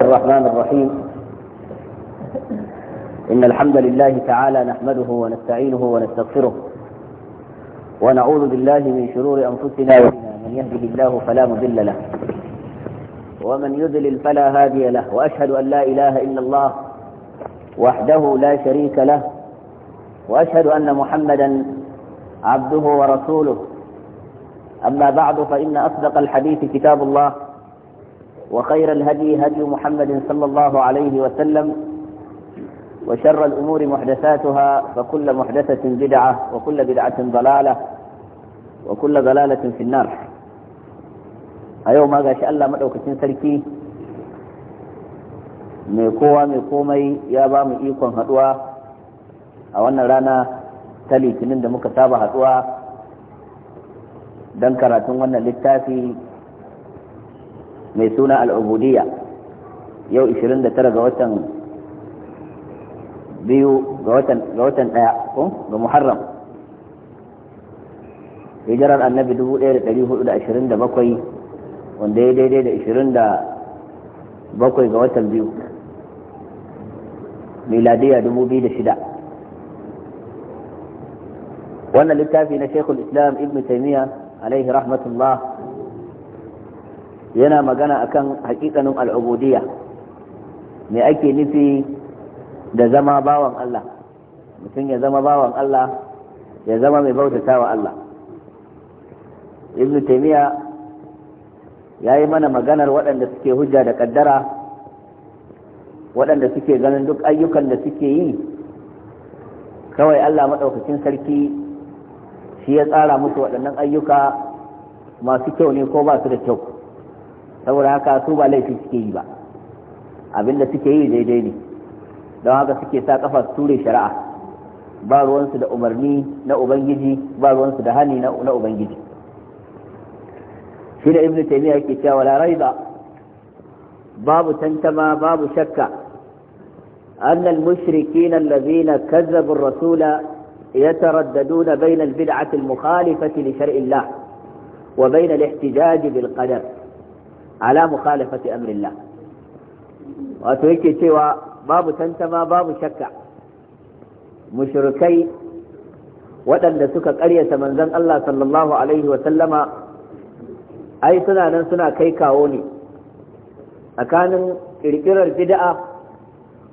الرحمن الرحيم إن الحمد لله تعالى نحمده ونستعينه ونستغفره ونعوذ بالله من شرور أنفسنا ومن يهده الله فلا مضل له ومن يذلل فلا هادي له وأشهد أن لا إله إلا الله وحده لا شريك له وأشهد أن محمدا عبده ورسوله أما بعد فإن أصدق الحديث كتاب الله وخير الهدي هدي محمد صلى الله عليه وسلم وشر الأمور محدثاتها فكل محدثة بدعة وكل بدعة ضلالة وكل ضلالة في النار أيوم ما شاء الله مدعوك تنسلكي ميقوى ميقومي يا komai ya هدوى mu ikon تلي a wannan rana ta litinin da muka mai suna al'ubudiyya yau 29 ga watan biyu ga watan daya ko ga muharram hijirar annabi 1427 wanda ya daidai da 27 ga watan biyu miladiya 2006 wannan littafi na shekul islam ibn taimiyya alaihi rahmatullah yana magana akan hakikanin al'ubudiyya me ake nufi da zama bawan Allah mutum ya zama bawan Allah ya zama mai bautata wa Allah ibnu taymiya ya yi mana maganar waɗanda suke hujja da ƙaddara waɗanda suke ganin duk ayyukan da suke yi kawai Allah maɗaukacin sarki shi ya tsara musu waɗannan ayyuka masu kyau ne ko ba su da kyau saboda haka su ba laifi suke yi ba abinda suke yi daidai ne don haka suke sa kafa ture shari'a ba ruwansu da umarni na ubangiji ba ruwansu da hani na ubangiji shi da ibnu taymiya yake cewa la raiba babu tantama babu shakka أن المشركين الذين كذبوا الرسول يترددون بين البدعة المخالفة لشرع الله وبين الاحتجاج بالقدر ala mukhalafati amrillah wato yake cewa babu tantama babu shakka mushrikai waɗanda suka karya ƙaryata manzon Allah sallallahu alaihi wa ai suna nan suna kai kawo ne tsakanin ƙirƙirar bid'a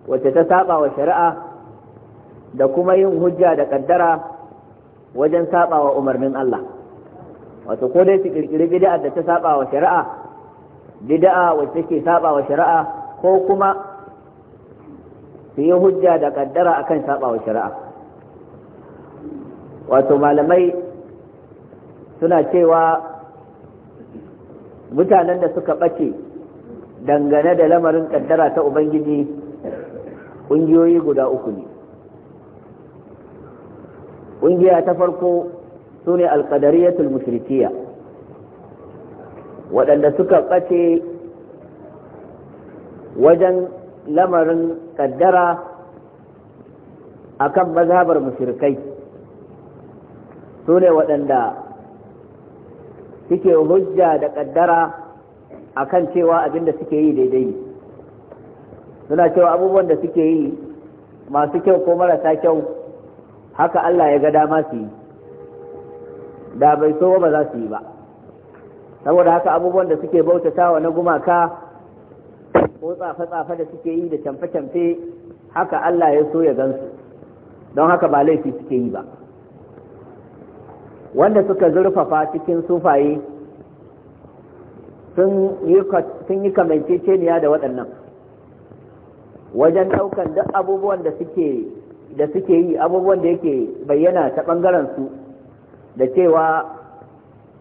wacce ta saba shari'a da kuma yin hujja da ƙaddara wajen saba umarnin Allah wato ko dai su ƙirƙiri bid'a da ta saɓawa shari'a bid'a wacce ke saba wa shari'a ko kuma su yi hujja da kaddara akan saba wa shari'a wato malamai suna cewa mutanen da suka ɓace dangane da lamarin kaddara ta ubangiji ƙungiyoyi guda uku ne ƙungiya ta farko su ne alƙadariyatul mushrikiya waɗanda suka ɓace wajen lamarin ƙaddara a kan mazhabar sune su ne waɗanda suke hujja da ƙaddara a kan cewa abinda suke yi daidai suna cewa abubuwan da suke yi masu kyau ko marasa kyau haka Allah ya ga dama su yi da bai so ba za su yi ba saboda haka abubuwan da suke bautata wa na gumaka ko tsafe-tsafe da suke yi da tamfe-tamfe haka Allah ya so ya gansu don haka ba laifi suke yi ba wanda suka zurfafa cikin sufaye sun yi kamanceceniya da waɗannan wajen ɗaukan duk abubuwan da suke da suke yi abubuwan da yake bayyana ta ɓangaren su da cewa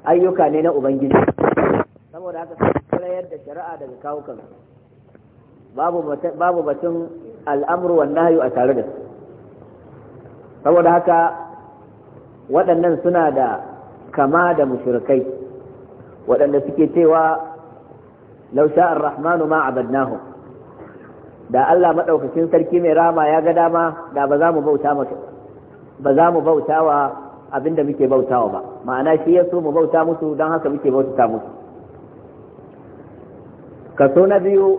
ayyuka ne na ubangiji saboda haka kurayar da shari'a daga kawukan babu batun al'amru wa nahyu a tare da su saboda haka waɗannan suna da kama da mushrikai waɗanda suke cewa law sha'a ar-rahmanu ma abadnahu da Allah madaukakin sarki mai rama ya ga dama da ba za mu bauta maka ba bautawa abinda muke bautawa ba ma'ana shi ya so mu bauta musu don haka muke bauta musu kaso na biyu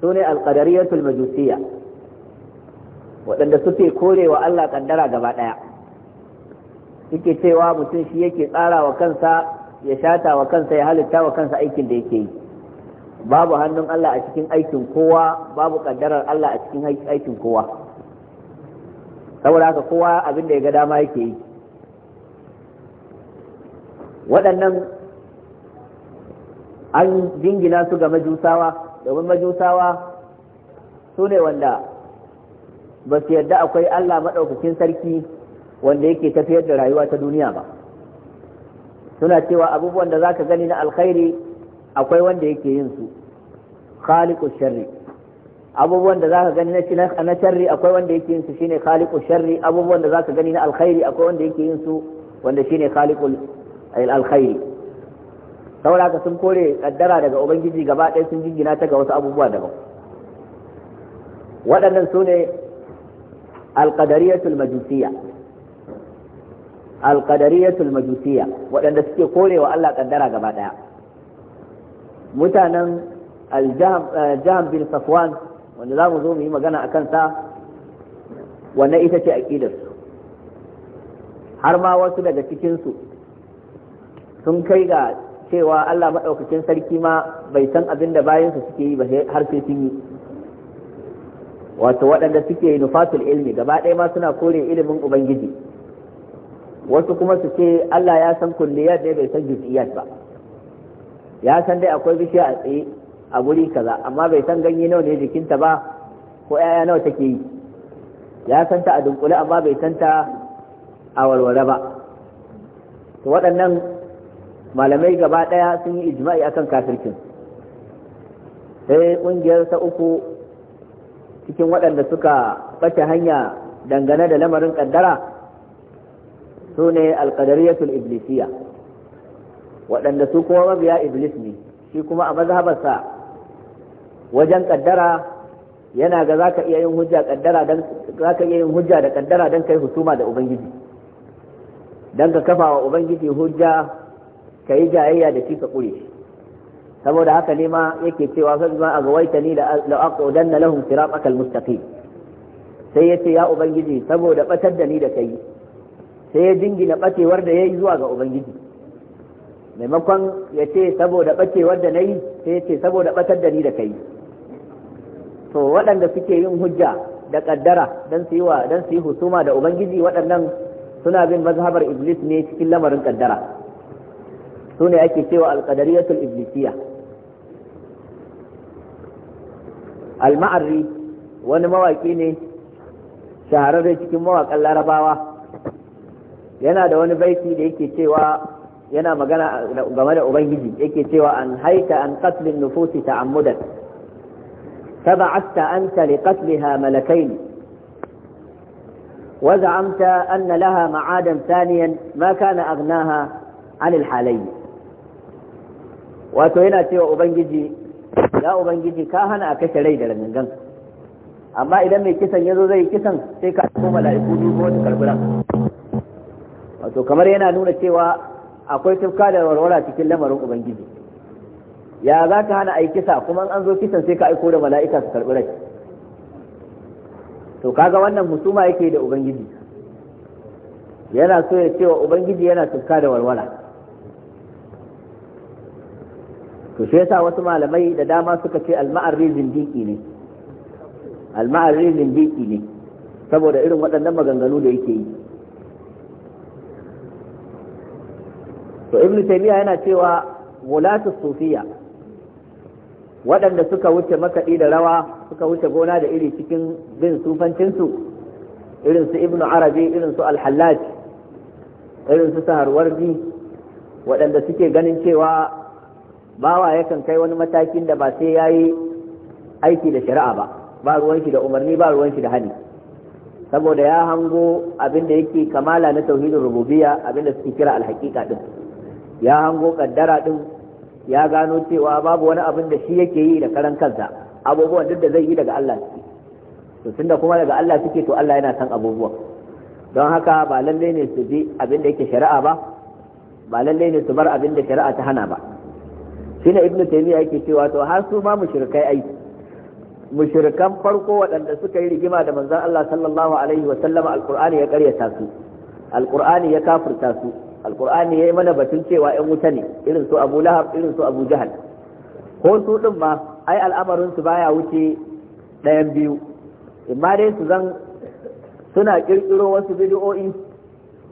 su ne alƙadariyatul majusiya waɗanda suke korewa Allah ƙaddara gaba ɗaya suke cewa mutum shi yake tsara wa kansa ya shata wa kansa ya halitta wa kansa aikin da yake yi babu hannun Allah a cikin aikin kowa babu ƙaddarar Allah a cikin aikin kowa saboda haka kowa abin da ya ga dama yake yi waɗannan an jingina su ga majusawa domin majusawa su ne wanda ba su yadda akwai Allah maɗaukakin sarki wanda yake tafiyar da rayuwa ta duniya ba suna cewa abubuwan da za ka gani na alkhairi akwai wanda yake yin su khaliqu sharri abubuwan da za ka gani na sharri akwai wanda yake yin su shine khaliqu sharri abubuwan da za ka gani na alkhairi akwai wanda yake yin su wanda shine khaliqul alkhairi saboda ka sun kore kaddara daga ubangiji gaba ɗaya sun jingina ta ga wasu abubuwa daban waɗannan su ne alƙadariyatul majusiya alƙadariyatul majusiya waɗanda suke kore wa Allah kaddara gaba ɗaya mutanen aljaham eh, bin safwan wanda za mu zo mu yi magana a kansa wannan ita ce aƙidarsu har ma wasu daga cikinsu sun kai ga cewa Allah maɗaukacin sarki ma bai san abin da bayansa suke yi ba har sai sun yi wato waɗanda suke nufatul ilmi gaba ɗaya ma suna kore ilimin ubangiji wasu kuma su ce Allah ya san kulliyar ne bai san juz'iyat ba ya san dai akwai bishiya a tsaye a guri kaza amma bai san ganye nawa ne jikinta ba ko 'ya'ya nawa take yi ya san ta a dunkule amma bai san ta a warware ba to waɗannan malamai gaba ɗaya sun yi ijma'i akan kafirkin sai ƙungiyar ta uku cikin waɗanda suka ɓace hanya dangane da lamarin ƙaddara su ne alƙadariyatul iblisiya waɗanda su kuma mabiya iblis ne shi kuma a mazhabarsa wajen ƙaddara yana ga za ka iya yin hujja da ƙaddara don kai husuma da ubangiji don ka kafa wa ubangiji hujja ka yi jayayya da shi ka kure shi saboda haka ne ma yake cewa fa bima aghwaytani la aqudanna lahum siratakal mustaqim sai yace ya ubangiji saboda batar da ni da kai sai ya jingina bacewar da yayi zuwa ga ubangiji maimakon ya ce saboda bacewar da yi sai ya ce saboda batar da ni da kai to waɗanda suke yin hujja da kaddara dan su yi wa dan su yi husuma da ubangiji waɗannan suna bin mazhabar iblis ne cikin lamarin kaddara su ne ake cewa alƙadariyatul iblisiya al wani mawaki ne shahararre cikin mawaƙan larabawa yana da wani baiti da yake cewa yana magana game da ubangiji yake cewa an haita an qatlin nufusi ta'ammudan تبعثت أنت لقتلها ملكين وزعمت أن لها معادا ثانيا ما كان أغناها عن الحالين wato yana cewa ubangiji ya ubangiji ka hana a kashe rai da rangan amma idan mai kisan ya zo zai kisan sai ka ko mala'iku biyu ko wata karbura wato kamar yana nuna cewa akwai tufka da warwara cikin lamarin ubangiji ya za ka hana a yi kisa kuma an zo kisan sai ka aiko da mala'ika su karbi rai to kaga wannan husuma yake da ubangiji yana so ya cewa ubangiji yana tufka da warwara to shi yasa wasu malamai da dama suka ce al-ma'arri ne al ne saboda irin waɗannan maganganu da yake yi to ibnu taymiya yana cewa wulatu sufiya waɗanda suka wuce makaɗi da rawa suka wuce gona da iri cikin bin sufancinsu irin su ibnu arabi irin su al irin su saharwardi waɗanda suke ganin cewa bawa yakan kai wani matakin da ba sai yayi aiki da shari'a ba ba ruwan shi da umarni ba ruwan shi da hani saboda ya hango abin da yake kamala na tauhidin rububiyya abin da suke kira alhaqiqa din ya hango kaddara din ya gano cewa babu wani abin da shi yake yi da karan kansa abubuwan duk da zai yi daga Allah suke to tunda kuma daga Allah suke to Allah yana san abubuwan don haka ba lalle ne su bi abin da yake shari'a ba ba lalle ne su bar abin da shari'a ta hana ba shine ibnu taymiya yake cewa to har su ma mushrikai ai mushrikan farko waɗanda suka yi rigima da manzon Allah sallallahu alaihi wa sallama alqur'ani ya karyata su alqur'ani ya kafirta su alqur'ani yayi mana batun cewa ƴan wuta ne irin su Abu Lahab irin su Abu Jahal ko su din ma ai al'amarin su baya wuce ɗayan biyu imma dai su zan suna kirkiro wasu bid'o'i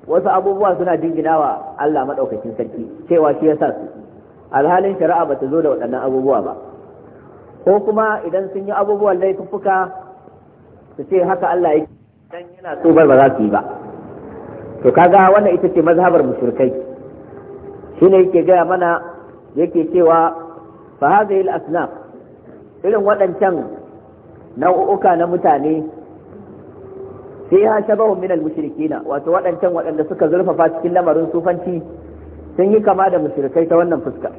wasu abubuwa suna jinginawa Allah madaukakin sarki cewa shi ya sa su alhalin shari'a ba ta zo da waɗannan abubuwa ba ko kuma idan sun yi abubuwan laifuffuka su ce haka Allah yake dan yana so ba za su yi ba to kaga wannan ita ce mazhabar mushrikai shine yake gaya mana yake cewa fa hadhihi al-asnaf irin waɗancan nau'uka na mutane sai ya shabahu min al-mushrikina wato waɗancan waɗanda suka zurfafa cikin lamarin sufanci sun yi kama da mushrikai ta wannan fuska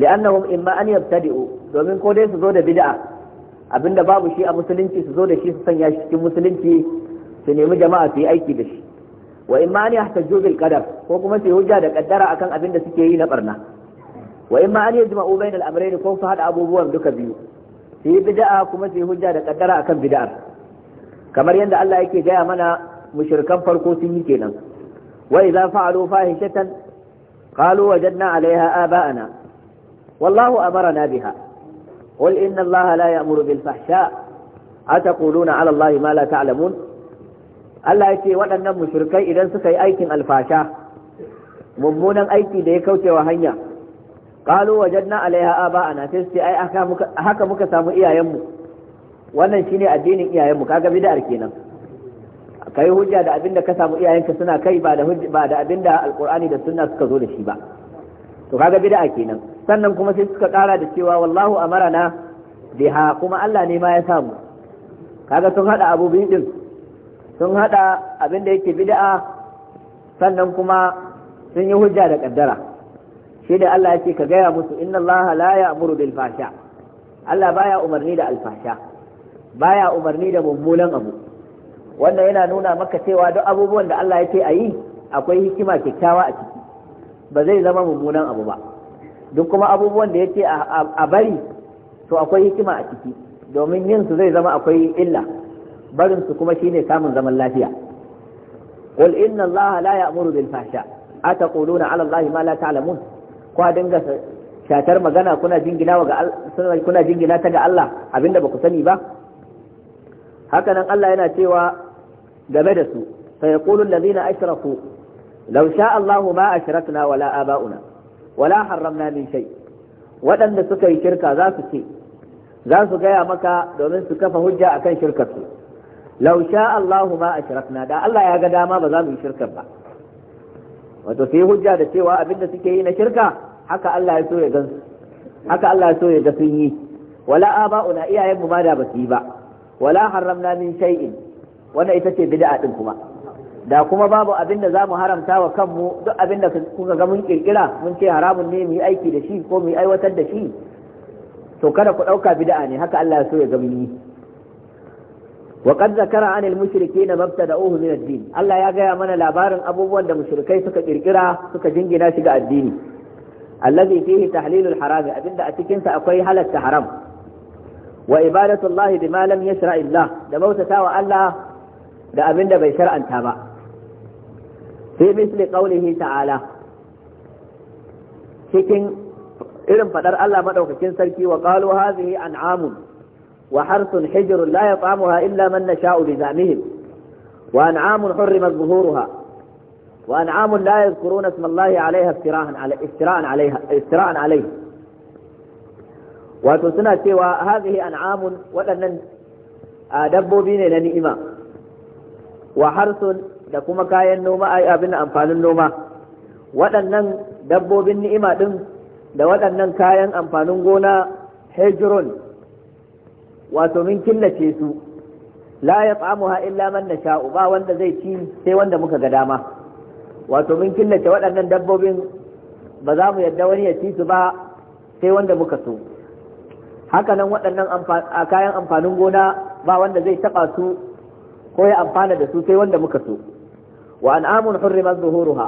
li'annahum imma an yabtadi'u domin ko dai su zo da bid'a abinda babu shi a musulunci su zo da shi su sanya shi cikin musulunci su nemi jama'a su yi aiki da shi wa imma an yahtaju bil qadar ko kuma su yi hujja da kaddara akan abin da suke yi na barna wa imma an yajma'u bainal amrayn ko su hada abubuwan duka biyu su yi bid'a kuma su yi hujja da kaddara akan bid'ar kamar yadda Allah yake gaya mana mushrikan farko sun yi kenan wa idza fa'alu fahishatan قالوا وجدنا عليها آباءنا والله أمرنا بها قل إن الله لا يأمر بالفحشاء أتقولون على الله ما لا تعلمون Allah ya ce waɗannan mushrikai idan suka yi aikin alfasha mummunan aiki da ya wa hanya qalu wajadna alaiha aba'ana sai su ai haka muka samu iyayenmu wannan shine addinin iyayenmu kaga bid'ar kenan kai hujja da abinda ka samu iyayenka suna kai ba da ba da abinda alqur'ani da sunna suka zo da shi ba to kaga bid'a kenan sannan kuma sai suka kara da cewa wallahu amarana biha kuma Allah ne ma ya samu kaga sun hada abu din sun hada abinda yake bid'a sannan kuma sun yi hujja da kaddara shi da Allah ya ce ka gaya musu inna Allah la ya'muru bil fasha Allah baya umarni da alfasha baya umarni da mummunan abu wannan yana nuna maka cewa duk abubuwan da Allah ya ce a yi akwai hikima kyakkyawa a ciki ba zai zama mummunan abu ba duk kuma abubuwan da ya ce a bari to akwai hikima a ciki domin yin su zai zama akwai illa barin su kuma shine samun zaman lafiya qul inna muru la ya'muru bil fahsha ataquluna 'ala allahi ma la ta'lamun ko dinga shatar magana kuna jingina ga kuna jingina ta ga Allah abinda ba ku sani ba hakanan Allah yana cewa game da su sai yaqulu allazina ashraku law sha Allah ma ashrakna wala aba'una wala haramna min shai. waɗanda suka yi shirka za su ce za su gaya maka domin su kafa hujja akan shirkar su law sha Allah ma ashrakna da Allah ya ga dama ba za mu yi shirkar ba wato sai hujja da cewa abinda suke yi na shirka haka Allah ya so ya gansu haka Allah ya so ya ga sun yi wala aba'una iyayen mu ma da basu yi ba wala haramna min shay'in wannan ita ce bid'a din kuma da kuma babu abin da zamu haramta wa kanmu duk abin da kuka ga mun kirkira mun ce haramun ne mu yi aiki da shi ko mu yi aiwatar da shi to kada ku dauka bid'a ne haka Allah ya so ya ga mun yi wa qad zakara anil mushrikeena mabtada'uhu min ad-din Allah ya gaya mana labarin abubuwan da mushrikai suka kirkira suka jingina shi ga addini allazi fihi tahlilul haram abinda a cikin sa akwai halatta haram wa ibadatu Allah bima lam yashra illah da bautatawa Allah da abin da bai shar'anta ba fi misli qaulihi ta'ala cikin irin fadar Allah madaukakin sarki wa qalu hadhihi an'amun wa harsun hijrun la yat'amuha illa man nasha'u bi zamihim wa an'amun hurrimat zuhuruha wa لا يذكرون اسم الله عليها افتراء على افتراء عليها افتراء عليه wato suna cewa hazihi an'amun wadannan dabbobi ne na ni'ima wa harsun da kuma kayan noma ai abin amfanin noma waɗannan dabbobin ni'ima ɗin da waɗannan kayan amfanin gona hijrun wato min killace su la yat'amuha illa man sha'u ba wanda zai ci sai wanda muka ga dama wato min killace waɗannan dabbobin ba za mu yadda wani ya ci su ba sai wanda muka so haka nan waɗannan kayan amfanin gona ba wanda zai taɓa su ko ya amfana da su sai wanda muka so wa an'amun hurrimat zuhuruha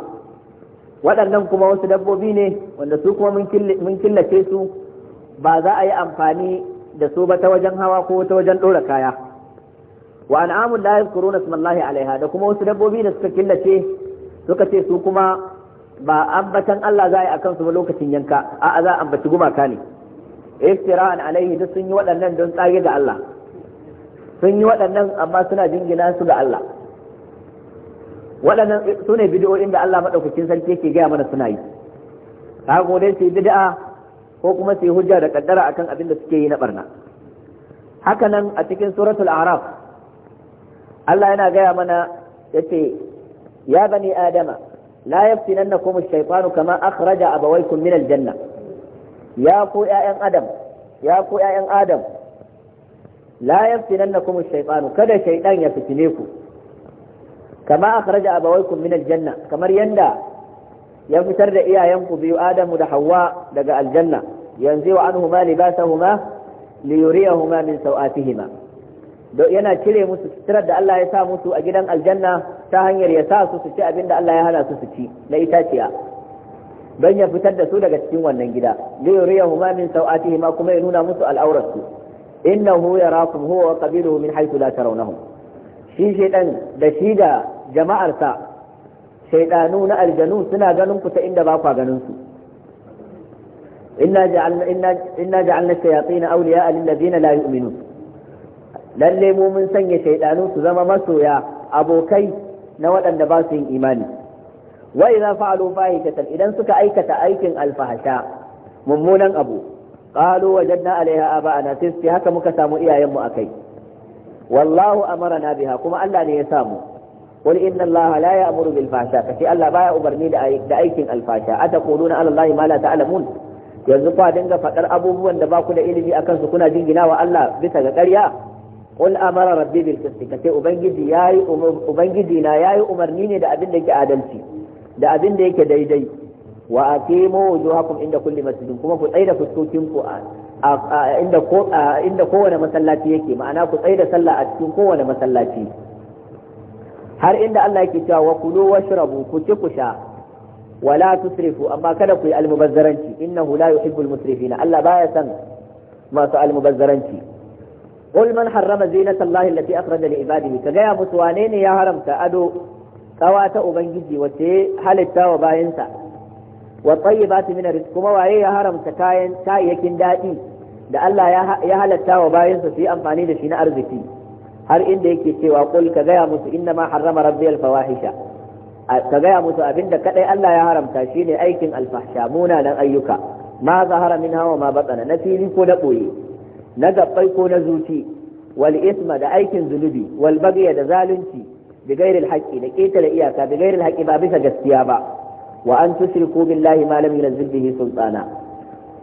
waɗannan kuma wasu dabbobi ne wanda su kuma mun killace su ba za a yi amfani da su ba ta wajen hawa ko ta wajen ɗora kaya wa an'amun la yadhkuruna ismallahi alaiha da kuma wasu dabbobi da suka killace suka ce su kuma ba ambatan Allah za a yi akan su ba lokacin yanka a'a za a ambaci gumaka ne iftira'an alaihi duk sun yi waɗannan don tsage ga Allah sun yi waɗannan amma suna jingina su ga Allah waɗannan su ne bidiyoyin da Allah maɗaukakin sarki yake gaya mana suna yi ta gode su yi bid'a ko kuma su yi hujja da kaddara akan abin da suke yi na barna haka nan a cikin suratul araf Allah yana gaya mana yace ya bani adama la yaftinannakum ash-shaytanu kama akhraja abawaykum min al-janna ya ku ya'yan adam ya ku ya'yan adam la yaftinannakum ash-shaytanu kada shaytan ya fitine ku kama akhraja abawaykum min al-janna kamar yadda ya fitar da iyayenku biyu Adamu da Hawwa daga aljanna yanzu wa anhuma libasahuma liyuriyahuma min sawatihima yana cire musu sitirar da Allah ya sa musu a gidan aljanna ta hanyar ya sa su su ci abin Allah ya hana su su ci na itaciya don ya fitar da su daga cikin wannan gida liyuriyahuma humamin sawatihima kuma ya nuna musu al'aurarsu. innahu yarakum huwa wa qabiluhu min haythu la tarawnahum shi shaydan da shi da jama'arsa shaydanu na aljanu suna ganin ku ta inda ba ku ganin su inna ja'alna inna inna ja'alna shayatin awliya'a lil ladina la yu'minun lalle mu mun sanya shaiɗanu su zama masoya abokai na waɗanda ba su yin imani wa idza fa'alu fahishatan idan suka aikata aikin alfahasha mummunan abu qalu wajadna alaiha aba'ana sai su haka muka samu iyayenmu akai wallahu amarna biha kuma Allah ne ya samu qul inna Allah la ya'muru bil fahsha Allah baya umarni da aikin alfasha ataquluna ala Allah ma la ta'lamun yanzu fa dinga fadar abubuwan da baku da ilimi akan su kuna jinginawa Allah bisa ga ƙarya قل امر ربي بالقسط كتي ubangiji ubangiji na yayi umarni ne da abin da yake adalci da abin da yake daidai wa aqimu wujuhakum inda kulli masjidin kuma ku tsaida fuskokin ku inda ko inda kowane masallaci yake ma'ana ku tsaida sallah a cikin kowane masallaci har inda Allah yake cewa wa kulu washrabu ku ci ku sha wala tusrifu amma kada ku yi almubazzaranci innahu la yuhibbul musrifina Allah baya san masu almubazzaranci قل من حرم زينة الله التي أخرج لعباده كجاء مسوانين يا هرم كأدو قوات أبنجي وتي هل التاو باينسا wa tayyibati min kuma waye ya haramta kayan kayayyakin daɗi da Allah ya halatta wa bayansa su yi amfani da shi na arziki har inda yake cewa qul ka gaya musu inna ma harrama rabbi al fawahisha ka gaya musu abinda kadai Allah ya haramta shine aikin alfahsha munanan ayyuka ma zahara minha wa ma batana na fili ko na boye na gabbai ko na zuci wal isma da aikin zunubi wal da zalunci bi ghairi al haqqi da ketare iyaka bi ghairi al haqqi ba bisa gaskiya ba wa an tusriku billahi ma lam yunzil bihi sultana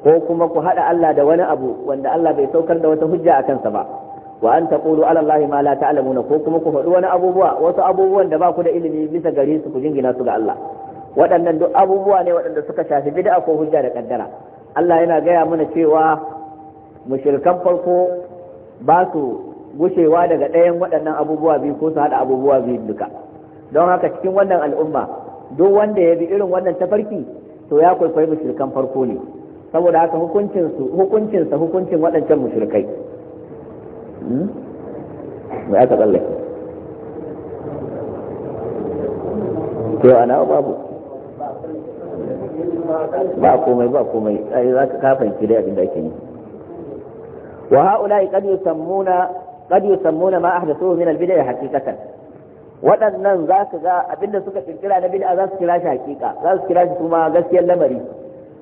ko kuma ku hada Allah da wani abu wanda Allah bai saukar da wata hujja a kansa ba wa an taqulu ala Allah ma la ta'lamuna ko kuma ku faɗi wani abubuwa wasu abubuwan da ba ku da ilimi bisa gare su ku jingina su ga Allah waɗannan duk abubuwa ne waɗanda suka shafi bid'a ko hujja da kaddara Allah yana gaya mana cewa mushrikan farko ba su gushewa daga ɗayan waɗannan abubuwa biyu ko su haɗa abubuwa biyu duka don haka cikin wannan al'umma duk wanda ya bi irin wannan tafarki to ya kwaikwayi mushrikan farko ne saboda haka hukuncinsu hukuncinsa hukuncin waɗancan mushrikai mai aka tsallake to ana babu ba komai ba komai ai za ka ki dai abin da ake yi wa haula qad yusammuna qad yusammuna ma ahdathu min al-bid'ah haqiqatan waɗannan za su ga abinda suka kirkira na bid'a za su kira shi hakika za su kira shi kuma gaskiyar lamari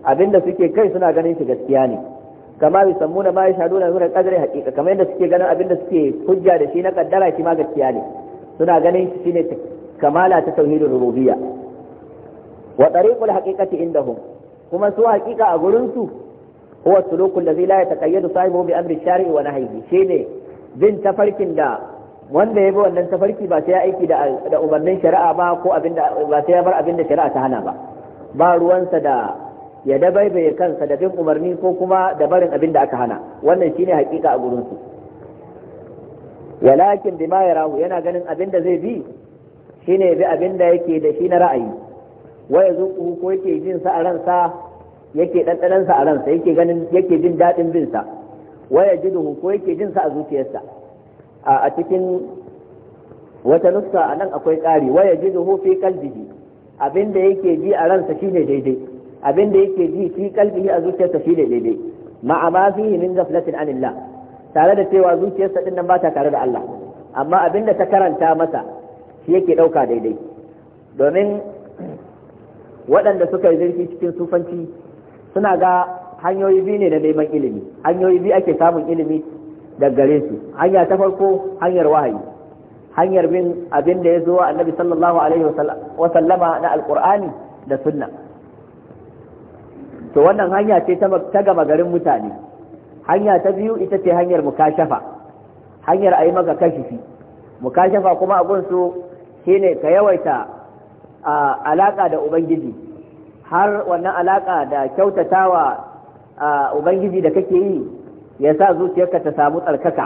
abinda suke kai suna ganin shi gaskiya ne kama bi sammuna ma yashaduna na zura qadri hakika kamar yadda suke ganin abinda suke hujja da shi na kaddara shi ma gaskiya ne suna ganin shi shine kamala ta tauhidin rububiyya wa tariqul haqiqati indahum kuma su hakika a gurin su huwa sulukul ladhi la yataqayyadu sahibu bi amri shari'i wa nahyihi shine bin tafarkin da wanda ya bi wannan tafarki ba sai ya aiki da umarnin shari'a ba ko ba sai ya bar abinda shari'a ta hana ba ba ruwansa da ya dabaibaye kansa da bin umarni ko kuma da barin abinda aka hana wannan shine hakika a gurin su walakin bima yarahu yana ganin abinda zai bi shine bi abinda yake da shi na ra'ayi wa yazuquhu ko yake jin sa a ransa yake a ransa yake ganin yake jin dadin bin sa wa yajiduhu ko yake jin sa a zuciyarsa a cikin wata nuska a nan akwai ƙari waya ji zuhu fi kalbihi abin da yake ji a ransa shi ne daidai abin da yake ji fi kalbihi a zuciyarsa shi ne daidai ma'a ma fihi min ghaflatin anillah tare da cewa zuciyarsa din nan ba ta tare da Allah amma abinda ta karanta masa shi yake ɗauka daidai domin waɗanda suka yi zirfi cikin sufanci suna ga hanyoyi biyu ne na neman ilimi hanyoyi biyu ake samun ilimi daga gare su hanya ta farko hanyar wahayi hanyar bin abin da ya zo annabi sallallahu alaihi wa sallama na alqur'ani da sunna to wannan hanya ce ta gama garin mutane hanya ta biyu ita ce hanyar mukashafa hanyar ayi maka kashifi mukashafa kuma abun su shine ka yawaita alaka da ubangiji har wannan alaka da kyautatawa ubangiji da kake yi ya sa zuciyarka ta samu tsarkaka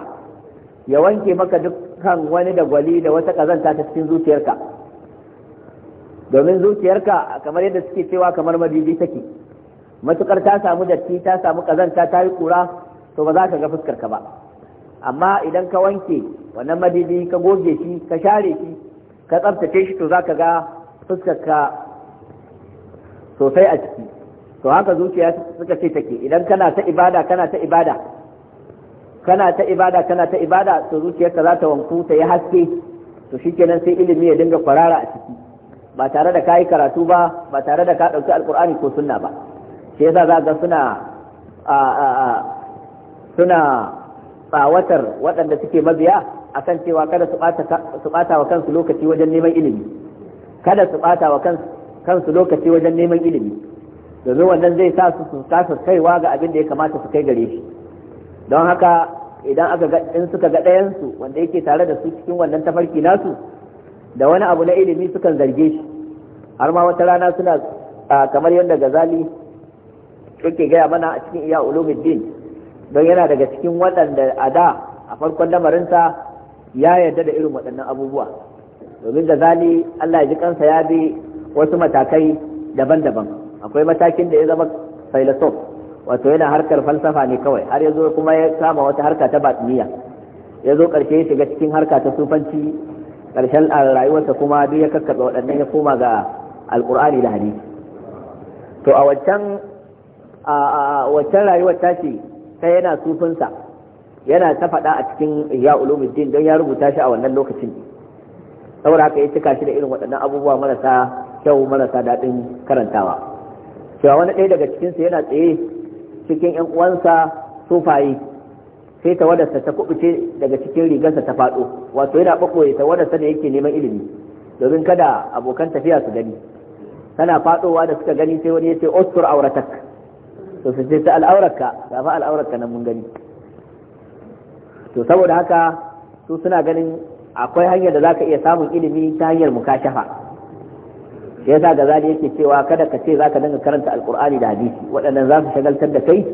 ya wanke maka dukkan wani da gwali da wata kazanta ta cikin zuciyarka domin zuciyarka kamar yadda suke cewa kamar madubi take matukar ta samu datti ta samu kazanta ta yi kura to ba za ka ga fuskar ka ba amma idan ka wanke wannan madidi ka goge shi ka share shi ka tsabtace shi to za ka ga fuskarka sosai a ciki to haka zuciya suka ce take idan kana ta ibada kana ta ibada kana ta ibada kana ta ibada to zuciyarka za ta wanku ta yi haske to shikenan sai ilimi ya dinga kwarara a ciki ba tare da kayi karatu ba ba tare da ka ɗauki alkur'ani ko sunna ba shi yasa za ga suna suna tsawatar waɗanda suke mabiya akan cewa kada su ɓata wa kansu lokaci wajen neman ilimi kada su ɓata wa kansu lokaci wajen neman ilimi domin wannan zai sa su kasa kaiwa ga abin da ya kamata su kai gare shi don haka idan aka in suka ga ɗayansu wanda yake tare da su cikin wannan tafarki nasu da wani abu na ilimi sukan zarge shi har ma wata rana suna kamar yadda gazali yake gaya mana a cikin iya ulumuddin don yana daga cikin waɗanda a da a farkon lamarinsa ya yarda da irin waɗannan abubuwa domin gazali Allah ya ji kansa ya bi wasu matakai daban-daban akwai matakin da ya zama filosof wato yana harkar falsafa ne kawai har ya zo kuma ya kama wata harka ta batiniya ya zo ƙarshe ya shiga cikin harka ta sufanci ƙarshen rayuwarsa kuma duk ya kakkaɓe waɗannan ya koma ga alƙur'ani da hadisi to a wancan a wancan rayuwar tashi ta yana sufinsa yana ta faɗa a cikin ya ulumuddin don ya rubuta shi a wannan lokacin saboda haka ya cika shi da irin waɗannan abubuwa marasa kyau marasa daɗin karantawa cewa wani ɗaya daga cikinsa yana tsaye cikin ‘yan uwansa sufaye sai tawadarsa ta kubuce daga cikin rigarsa ta faɗo wato yana ta tawadarsa da yake neman ilimi domin kada abokan tafiya su gani tana faɗowa da suka gani sai wani ya ce ostur auratak to su ce ta al'aurarka ga fa al'aurarka nan mun gani to saboda haka su suna ganin akwai hanyar da zaka iya samun ilimi ta hanyar mukashafa shi yasa gazali yake cewa kada ka ce zaka dinga karanta alqur'ani da hadisi waɗannan za su shagaltar da kai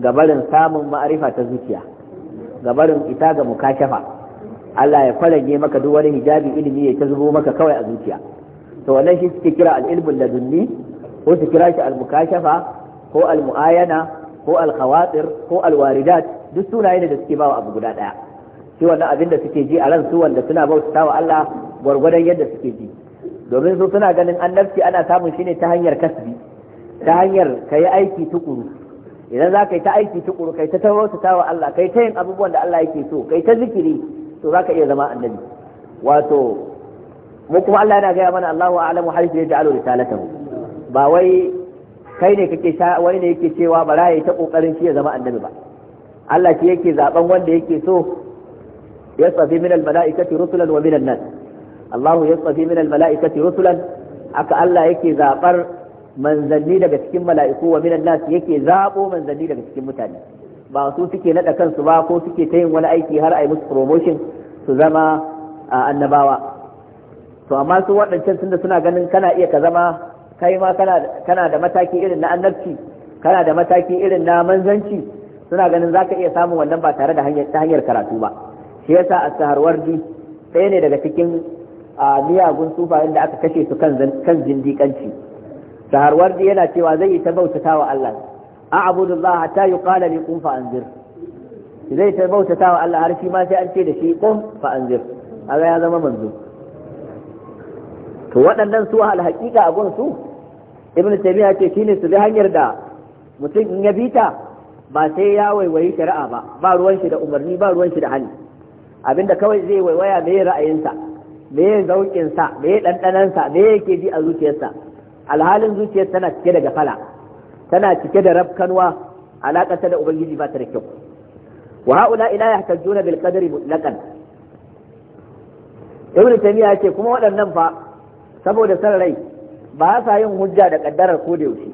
ga barin samun ma'arifa ta zuciya ga barin ita ga mukashafa Allah ya kwalange maka duk wani hijabi ilimi ya ta zubo maka kawai a zuciya to wannan shi suke kira al-ilmu ladunni ko su kira shi al-mukashafa ko al-mu'ayana ko al-khawatir ko al-waridat duk sunaye ne da suke bawa abu guda daya shi wannan abin da suke ji a ran su wanda suna bautawa Allah gwargwadon yadda suke ji domin su suna ganin annabci ana samun shi ne ta hanyar kasbi ta hanyar ka yi aiki tukuru idan za ka yi ta aiki tukuru kai ta tawautata wa Allah kai ta yin abubuwan da Allah yake so kai ta zikiri to za ka iya zama annabi wato mu kuma Allah yana gaya mana Allahu a'lamu hal ya ja'alu risalatahu ba wai kai ne kake sha wani ne yake cewa bara yayi ta kokarin shi ya zama annabi ba Allah shi yake zaben wanda yake so yasafi min al-mala'ikati rusulan wa min an-nas Allahu yastafi min al-mala'ikati rusulan aka Allah yake zabar manzanni daga cikin mala'iku wa minan nas yake zabo manzanni daga cikin mutane ba su suke nada kansu ba ko suke ta yin wani aiki har a yi musu promotion su zama annabawa to amma waɗancan sun suna ganin kana iya ka zama kai ma kana da mataki irin na annabci kana da mataki irin na manzanci suna ganin zaka iya samun wannan ba tare da ta hanyar karatu ba shi yasa a saharwar ɗaya ne daga cikin a miyagun sufayen da aka kashe su kan zindiƙanci saharwardi yana cewa zai yi ta bautata wa Allah a abudullah hatta yi ƙala ne kun fa'anzir zai ta bautata wa Allah har shi ma sai an ce da shi kun fa'anzir a ya zama manzo to waɗannan su alhaƙiƙa a gunsu ibn taymiya ce ne su bi hanyar da mutum in ya bita ba sai ya waiwayi shari'a ba ba ruwan shi da umarni ba ruwan shi da hali abinda kawai zai waiwaya me ra'ayinsa me ya zaukin sa me ya dandanan sa me yake ji a zuciyarsa alhalin zuciyar tana cike da gafala tana cike da rafkanwa alaƙarta da ubangiji ba ta da kyau wa haula ila yahtajuna bil qadri mutlaqan ibn tamiya yace kuma waɗannan fa saboda sarrai ba sa yin hujja da kaddarar ko da yaushe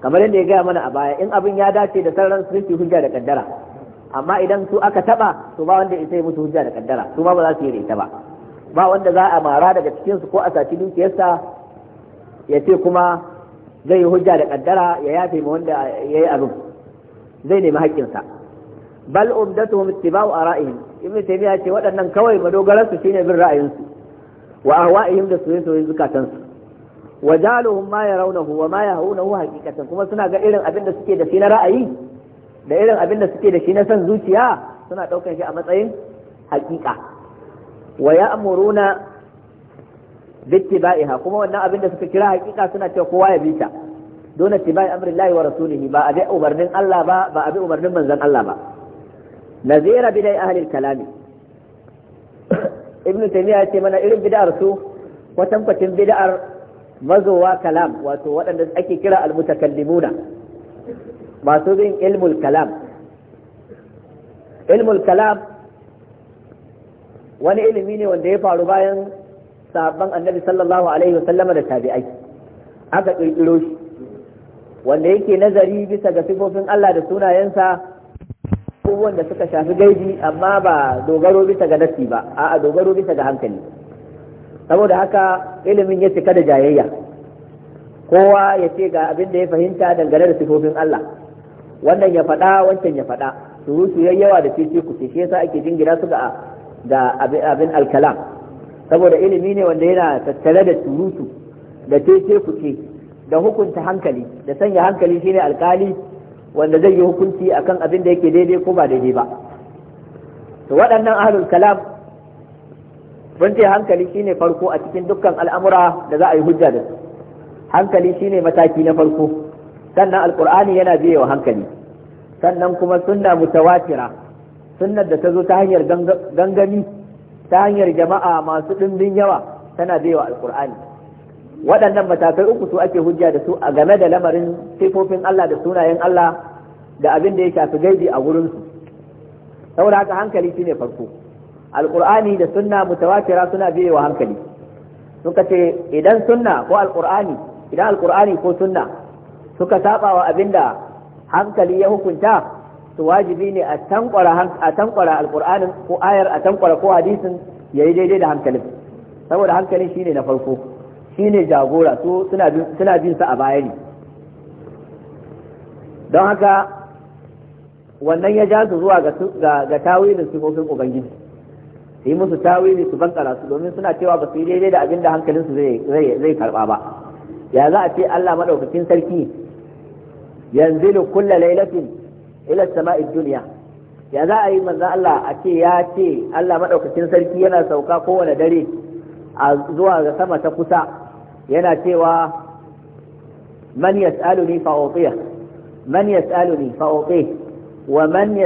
kamar yadda ya gaya mana a baya in abin ya dace da sarran su yi hujja da kaddara amma idan su aka taba to ba wanda ya sai musu hujja da kaddara su ma ba za su yi da ita ba ba wanda za a mara daga cikin su ko a saci dukiyarsa ya ce kuma zai yi hujja da kaddara ya yafe ma wanda ya yi abin zai nemi sa. bal umdatuhum ittiba'u ara'ihim ibn taymiya ce waɗannan kawai madogaran su shine bin ra'ayinsu wa ahwa'ihim da soyayyen zakatan su wajaluhum ma yarawnahu wa ma yahunahu haqiqatan kuma suna ga irin abin da suke da shi na ra'ayi da irin abin da suke da shi na son zuciya suna ɗaukar shi a matsayin haƙiƙa wa ya amuruna bittiba'iha kuma wannan abin da suka kira haƙiƙa suna cewa kowa ya bita dole tibai Lahi wa rasulihi ba abi umarnin Allah ba ba abi umarnin manzon Allah ba nazira bidai ahli kalami ibnu taymiya ya ce mana irin bid'ar su kwatankwacin bid'ar mazowa kalam wato waɗanda ake kira almutakallimuna masu bin ilmul kalam ilmul kalam wani ilimi ne wanda ya faru bayan sabon annabi sallallahu alaihi wasallama da tabi'ai aka ƙirƙiro shi wanda yake nazari bisa ga sifofin Allah da sunayensa abubuwan da suka shafi gaibi amma ba dogaro bisa ga nasi ba a'a dogaro bisa ga hankali saboda haka ilimin ya cika da jayayya kowa ya ce ga abin da ya fahimta dangane da sifofin Allah wannan ya faɗa wancan ya faɗa surutu yayi yawa da cece ku ce yasa ake jingira su ga da abin alkalam saboda ilimi ne wanda yana tattare da surutu da cece ku ce da hukunta hankali da sanya hankali shine alkali wanda zai yi hukunci akan abin da yake daidai ko ba daidai ba to waɗannan ahlul kalam mun ce hankali shine farko a cikin dukkan al'amura da za a yi hujja da su hankali shine mataki na farko sannan alkur'ani yana biye wa hankali sannan kuma sunna mutawatira sunnar da ta zo ta hanyar gangami ta hanyar jama'a masu ɗimbin yawa tana biye wa waɗannan matakai uku su ake hujja da su a game da lamarin sifofin Allah da sunayen Allah da abin da ya shafi gaibi a wurinsu saboda haka hankali shine farko alqur'ani da sunna mutawatira suna biye wa hankali suka ce idan sunna ko alqur'ani idan alqur'ani ko sunna suka saba wa abinda hankali ya hukunta to wajibi ne a tankwara a tankwara alqur'anin ko ayar a tankwara ko hadisin yayi daidai da hankalin saboda hankalin shine na farko shine jagora su suna suna bin sa a baya ne don haka wannan ya ja su zuwa ga ga tawilin sifofin ubangiji su yi musu tawili su bankara su domin suna cewa ba su yi daidai da abin da hankalinsu zai karba ba ya za a ce Allah madaukakin sarki yanzilu kulla lailatin ila sama'id dunya ya za a yi manzo Allah Ace ya ce Allah madaukakin sarki yana sauka kowane dare a zuwa ga sama ta kusa yana cewa man yas'aluni fa utiya man yas'aluni fa utiya wa man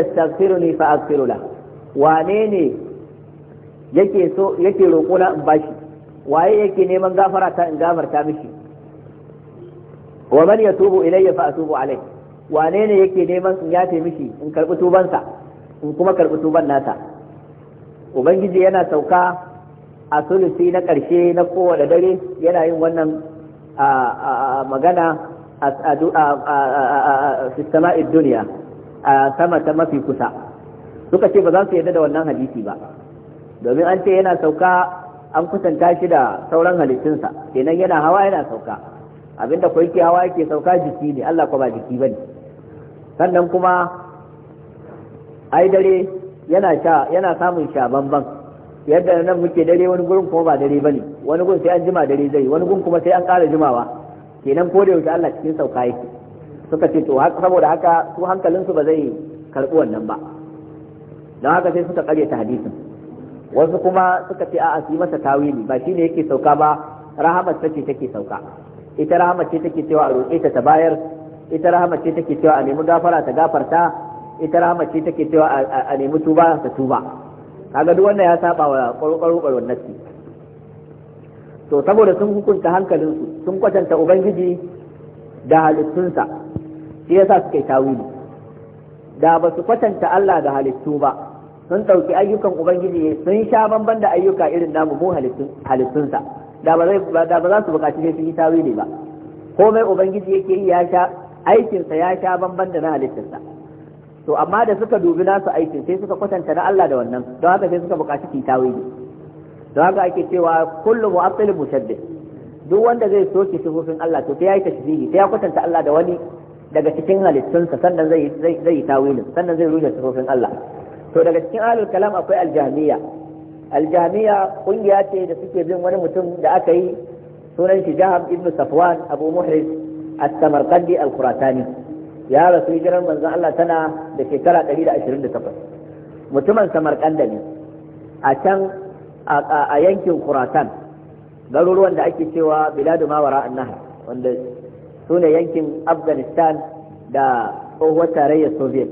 fa wane ne yake so yake roƙo na in bashi waye yake neman gafara ta in gafarta mishi wa man yatubu ilayya fa atubu alayh wane ne yake neman in yafe mishi in karbi tubansa in kuma karbi tuban nata ubangiji yana sauka a sulusi na karshe na kowane dare yana yin wannan magana a sama'id duniya a sama ta mafi kusa suka ce ba za su yarda da wannan hadisi ba domin an ce yana sauka an kusanta shi da sauran halittunsa kenan yana hawa yana sauka abinda ko yake hawa yake sauka jiki ne Allah ko ba jiki bane sannan kuma ai dare yana sha yana samun sha banban yadda nan muke dare wani gurin kuma ba dare bane wani gun sai an jima dare zai wani gun kuma sai an ƙara jimawa kenan ko da yaushe Allah cikin sauka yake suka ce to saboda haka su hankalinsu ba zai karɓi wannan ba don haka sai suka ta hadisin wasu kuma suka ce a'a su yi masa tawili ba shine yake sauka ba rahamar take take sauka ita rahama ce take cewa a roƙe ta ta bayar ita rahama ce take cewa a nemi gafara ta gafarta ita rahama ce take cewa a nemi tuba ta tuba kaga duk wannan ya saba wa ƙwarƙwarƙwarwar nassi to saboda sun hukunta hankalinsu sun kwatanta ubangiji da halittunsa shi yasa suka yi tawili da ba su kwatanta Allah da halittu ba sun ɗauki ayyukan ubangiji sun sha bamban da ayyuka irin namu mu halittunsa da ba za su buƙaci sai sun yi tawili ba komai ubangiji yake yi ya sha aikinsa ya sha bamban da na halittarsa to amma da suka dubi nasu aikin sai suka kwatanta na Allah da wannan don haka sai suka buƙaci su yi tawili don haka ake cewa kullum wa asali mushaddid duk wanda zai soke sifofin Allah to sai ya yi tashbihi sai ya kwatanta Allah da wani daga cikin halittunsa sannan zai zai yi tawilin sannan zai rushe sifofin Allah to daga cikin alul kalam akwai aljamiya aljami'a kungiya ce da suke bin wani mutum da aka yi sunan shi jahab ibn safwan abu muhris as-samarqandi al-quratani ya rasu hijirar manzon Allah tana da shekara 128 mutumin samarqanda ne a can a yankin kuratan garuruwan da ake cewa biladu mawara annahar wanda sune yankin afghanistan da tsohuwar tarayyar soviet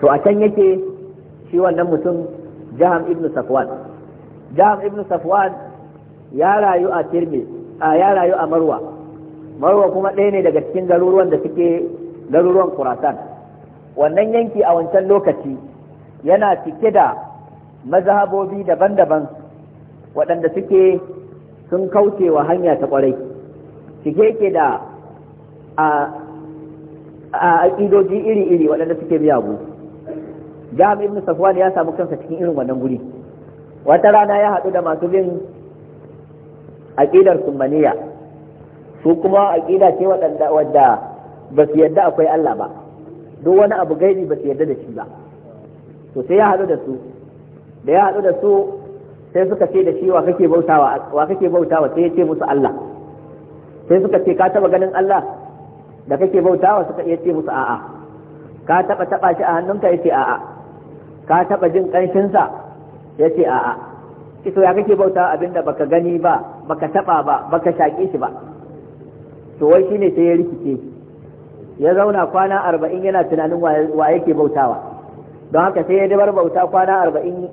to a can yake shi wannan mutum jaham ibn safwan jaham ibn safwan ya rayu a tirmi a ya rayu a marwa marwa kuma ɗaya ne daga cikin garuruwan da suke garuruwan kurasan wannan yanki a wancan lokaci yana cike da mazhabobi daban-daban waɗanda suke sun kauce wa hanya ta ƙwarai cike ke da a aƙidoji iri-iri waɗanda suke biya miyagu jami ibn safwan ya samu kansa cikin irin wannan guri wata rana ya haɗu da masu bin aqidar sumbaniya su kuma aƙida ce wadda ba su yadda akwai Allah ba duk wani abu gaibi ba su yadda da shi ba to sai ya haɗu da su da ya haɗu da su sai suka ce da shi wa kake bautawa wa kake bautawa sai ya ce musu Allah sai suka ce ka taba ganin Allah da kake bautawa suka iya ce musu a'a ka taba taba shi a hannunka yace a'a ka taɓa jin ƙanshinsa ya ce a'a ito ya kake bauta abin da baka gani ba baka taɓa ba baka shaƙe shi ba to wai shi ne sai ya rikice ya zauna kwana arba'in yana tunanin wa yake bautawa don haka sai ya dabar bauta kwana arba'in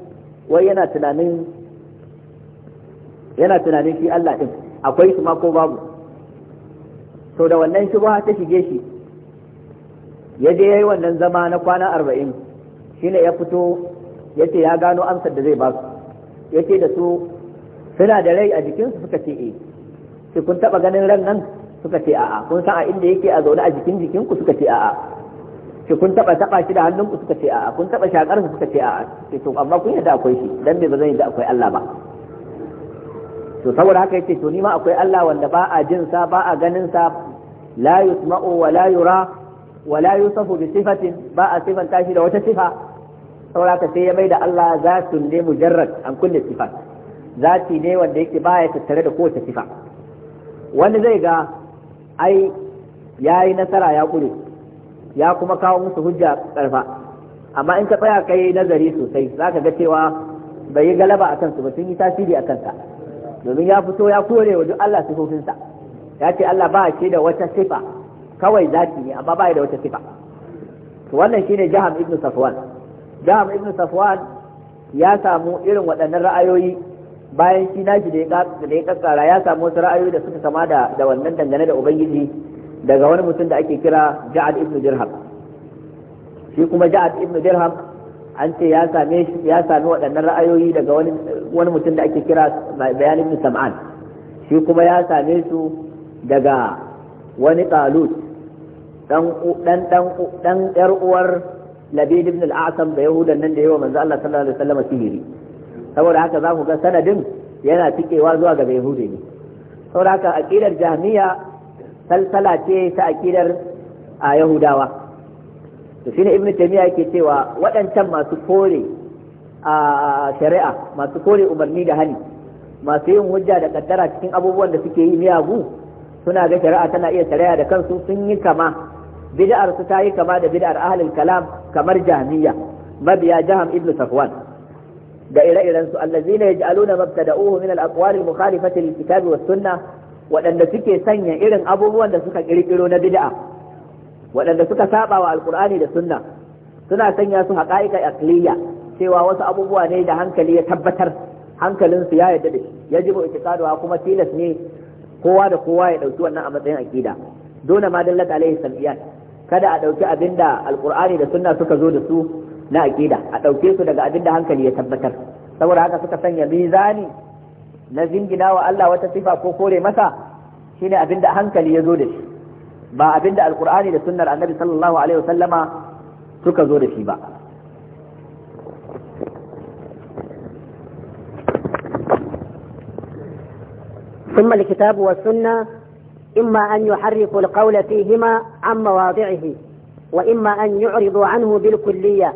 wai yana tunanin yana tunanin shi Allah ɗin akwai su ko babu to da wannan ba ta shige shi ya je ya yi wannan zama na kwana arba'in shine ya fito ya ce ya gano amsar da zai ba su ce da su suna da rai a jikinsu suka ce eh sai kun taba ganin ran nan suka ce a'a kun san a inda yake a zaune a jikin jikinku suka ce a'a sai kun taba taba shi da hannunku suka ce a'a kun taba shakar su suka ce a'a sai to amma kun yadda akwai shi dan me ba zan yadda akwai Allah ba to saboda haka yace to ni ma akwai Allah wanda ba a jin sa ba a ganin sa la yusma'u wa la yura wa la yusafu bi sifatin ba a sifanta shi da wata sifa sauraka sai ya mai da Allah su ne mujarrad an kulle sifat zati ne wanda yake ya tattare da kowace sifa wani zai ga ai ya yi nasara ya kure ya kuma kawo musu hujja karfa amma in ka tsaya kai nazari sosai za ka ga cewa bai yi galaba a kansu ba sun yi tasiri a kansa. domin ya fito ya kore wa duk Allah sifofinsa ya ce Allah ba shi da wata sifa kawai zati ne amma ba da wata sifa to wannan shine jaham ibnu safwan jam ibn safwan ya samu irin waɗannan ra'ayoyi bayan shi shi da ya kakkara ya samu wasu ra'ayoyi da suka kama da wannan dangane da ubangiji daga wani mutum da ake kira ja'ad ibn dirham shi kuma ja'ad ibn dirham an ce ya same ya sami waɗannan ra'ayoyi daga wani wani mutum da ake kira bayan ibn sam'an shi kuma ya same su daga wani talut dan dan dan dan yar uwar labid ibn al-asam da yahudan nan da yawa manzo Allah sallallahu alaihi wasallam sihiri saboda haka za ku ga sanadin yana tikewa zuwa ga yahudi ne saboda haka aqidar jahmiya salsala ce ta aqidar a yahudawa to shine ibn taymiya yake cewa waɗancan masu kore a shari'a masu kore umarni da hani masu yin hujja da kaddara cikin abubuwan da suke yi miyagu suna ga shari'a tana iya shari'a da kansu sun yi kama bid'ar su ta yi kama da bid'ar ahalin kalam kamar jahmiya mabiya jaham ibnu safwan da ire-iren su allazina yaj'aluna mabtada'uhu min al-aqwali al-mukhalifati lil-kitabi was-sunnah waɗanda suke sanya irin abubuwan da suka kirkiro na bid'a waɗanda suka saba wa alkur'ani da sunna suna sanya su haƙa'iƙa aqliya cewa wasu abubuwa ne da hankali ya tabbatar hankalin su ya yarda da shi yajibu itiqaduha kuma tilas ne kowa da kowa ya dauki wannan a matsayin aqida dole ma dallata alaihi sabiyat kada a ɗauki abinda da alƙur'ani da sunna suka zo da su na aƙida a ɗauke su daga abinda hankali ya tabbatar saboda haka suka sanya mizani na zingina wa Allah wata sifa ko kore masa shine abinda hankali ya zo da shi ba abinda da alƙur'ani da sunnar annabi sallallahu alaihi wasallama suka zo da shi ba ثم الكتاب والسنة إما أن يحرفوا القول فيهما عن مواضعه وإما أن يعرضوا عنه بالكلية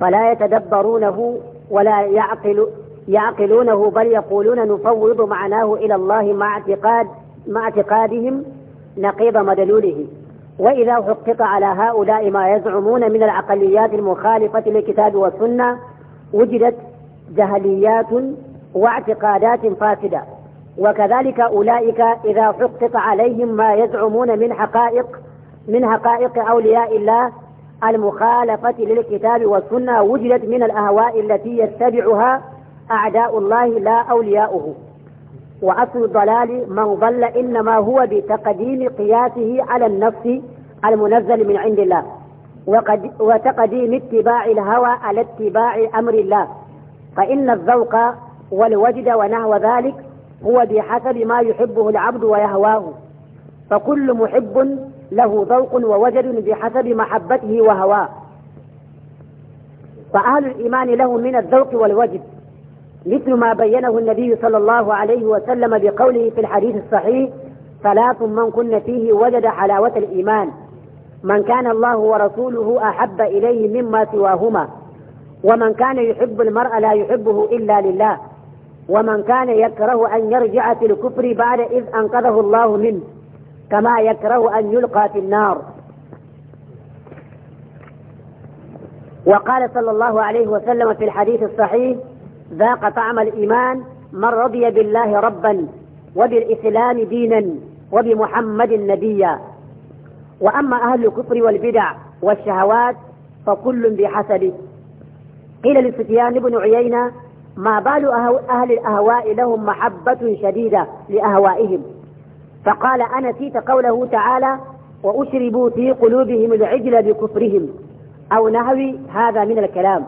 فلا يتدبرونه ولا يعقل يعقلونه بل يقولون نفوض معناه إلى الله مع اعتقاد مع اعتقادهم نقيض مدلوله وإذا حقق على هؤلاء ما يزعمون من العقليات المخالفة للكتاب والسنة وجدت جهليات واعتقادات فاسدة وكذلك أولئك إذا حقق عليهم ما يزعمون من حقائق من حقائق أولياء الله المخالفة للكتاب والسنة وجدت من الأهواء التي يتبعها أعداء الله لا أولياؤه وأصل الضلال من ضل إنما هو بتقديم قياسه على النفس المنزل من عند الله وتقديم اتباع الهوى على اتباع أمر الله فإن الذوق والوجد ونحو ذلك هو بحسب ما يحبه العبد ويهواه فكل محب له ذوق ووجد بحسب محبته وهواه فأهل الإيمان له من الذوق والوجد مثل ما بينه النبي صلى الله عليه وسلم بقوله في الحديث الصحيح ثلاث من كن فيه وجد حلاوة الإيمان من كان الله ورسوله أحب إليه مما سواهما ومن كان يحب المرأة لا يحبه إلا لله ومن كان يكره أن يرجع في الكفر بعد إذ أنقذه الله منه كما يكره أن يلقى في النار وقال صلى الله عليه وسلم في الحديث الصحيح ذاق طعم الإيمان من رضي بالله ربا وبالإسلام دينا وبمحمد نبيا وأما أهل الكفر والبدع والشهوات فكل بحسبه قيل لسفيان بن عيينة ما بال أهل الأهواء لهم محبة شديدة لأهوائهم فقال أنا سيت قوله تعالى وأشربوا في قلوبهم العجل بكفرهم أو نهوي هذا من الكلام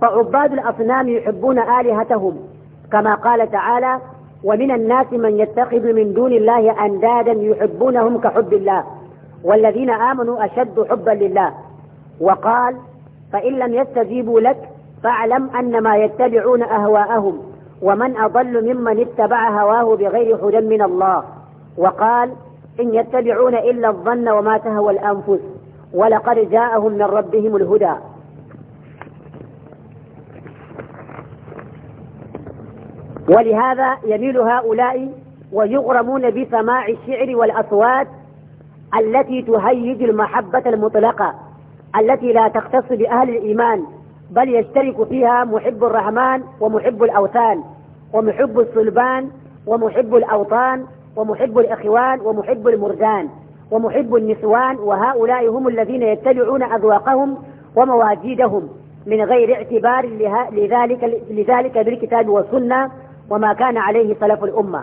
فعباد الأصنام يحبون آلهتهم كما قال تعالى ومن الناس من يتخذ من دون الله أندادا يحبونهم كحب الله والذين آمنوا أشد حبا لله وقال فإن لم يستجيبوا لك فاعلم أن ما يتبعون أهواءهم ومن أضل ممن اتبع هواه بغير هدى من الله وقال إن يتبعون إلا الظن وما تهوى الأنفس ولقد جاءهم من ربهم الهدى ولهذا يميل هؤلاء ويغرمون بسماع الشعر والأصوات التي تهيج المحبة المطلقة التي لا تختص بأهل الإيمان بل يشترك فيها محب الرحمن ومحب الأوثان ومحب الصلبان ومحب الأوطان ومحب الإخوان ومحب المرجان ومحب النسوان وهؤلاء هم الذين يتبعون أذواقهم ومواجيدهم من غير اعتبار لذلك, لذلك بالكتاب والسنة وما كان عليه سلف الأمة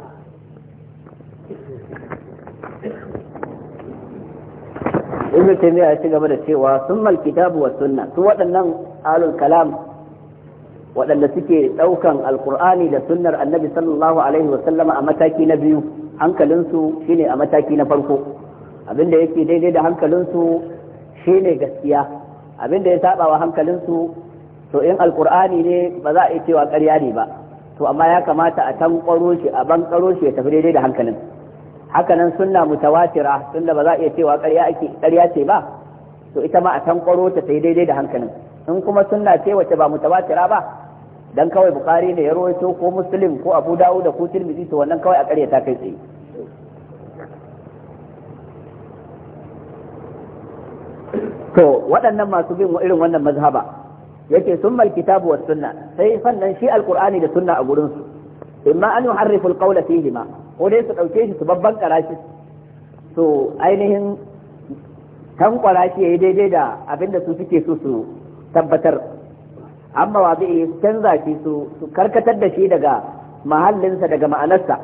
ibn taymiya ya ci gaba ثم الكتاب والسنة mal alul kalam waɗanda suke ɗaukan alkur'ani da sunnar annabi sallallahu alaihi wasallama a mataki na biyu hankalinsu shine a mataki na farko abinda yake daidai da hankalinsu shine gaskiya abinda ya saba wa hankalinsu to in alkur'ani ne ba za a iya cewa ƙarya ne ba to amma ya kamata a tankwaro shi a bankaro shi ya tafi daidai da hankalin hakanan sunna mutawatira tunda ba za a iya cewa ƙarya ƙarya ce ba to ita ma a tankwaro ta sai daidai da hankalin in kuma sunna ce wace ba mutawatira ba dan kawai bukari ne ya rawaito ko muslim ko abu dawo da ko tirmidhi to wannan kawai a ƙarya ta kai tsaye to waɗannan masu bin irin wannan mazhaba yake summal kitabu was sunna sai sannan shi alqur'ani da sunna a gurin su imma an yuharrifu alqawla fihi ma ko dai su dauke shi su babban karashi to ainihin tankwara shi yayi daidai da abinda su suke so su tabbatar amma wa zai canza shi su karkatar da shi daga mahallinsa daga ma'anarsa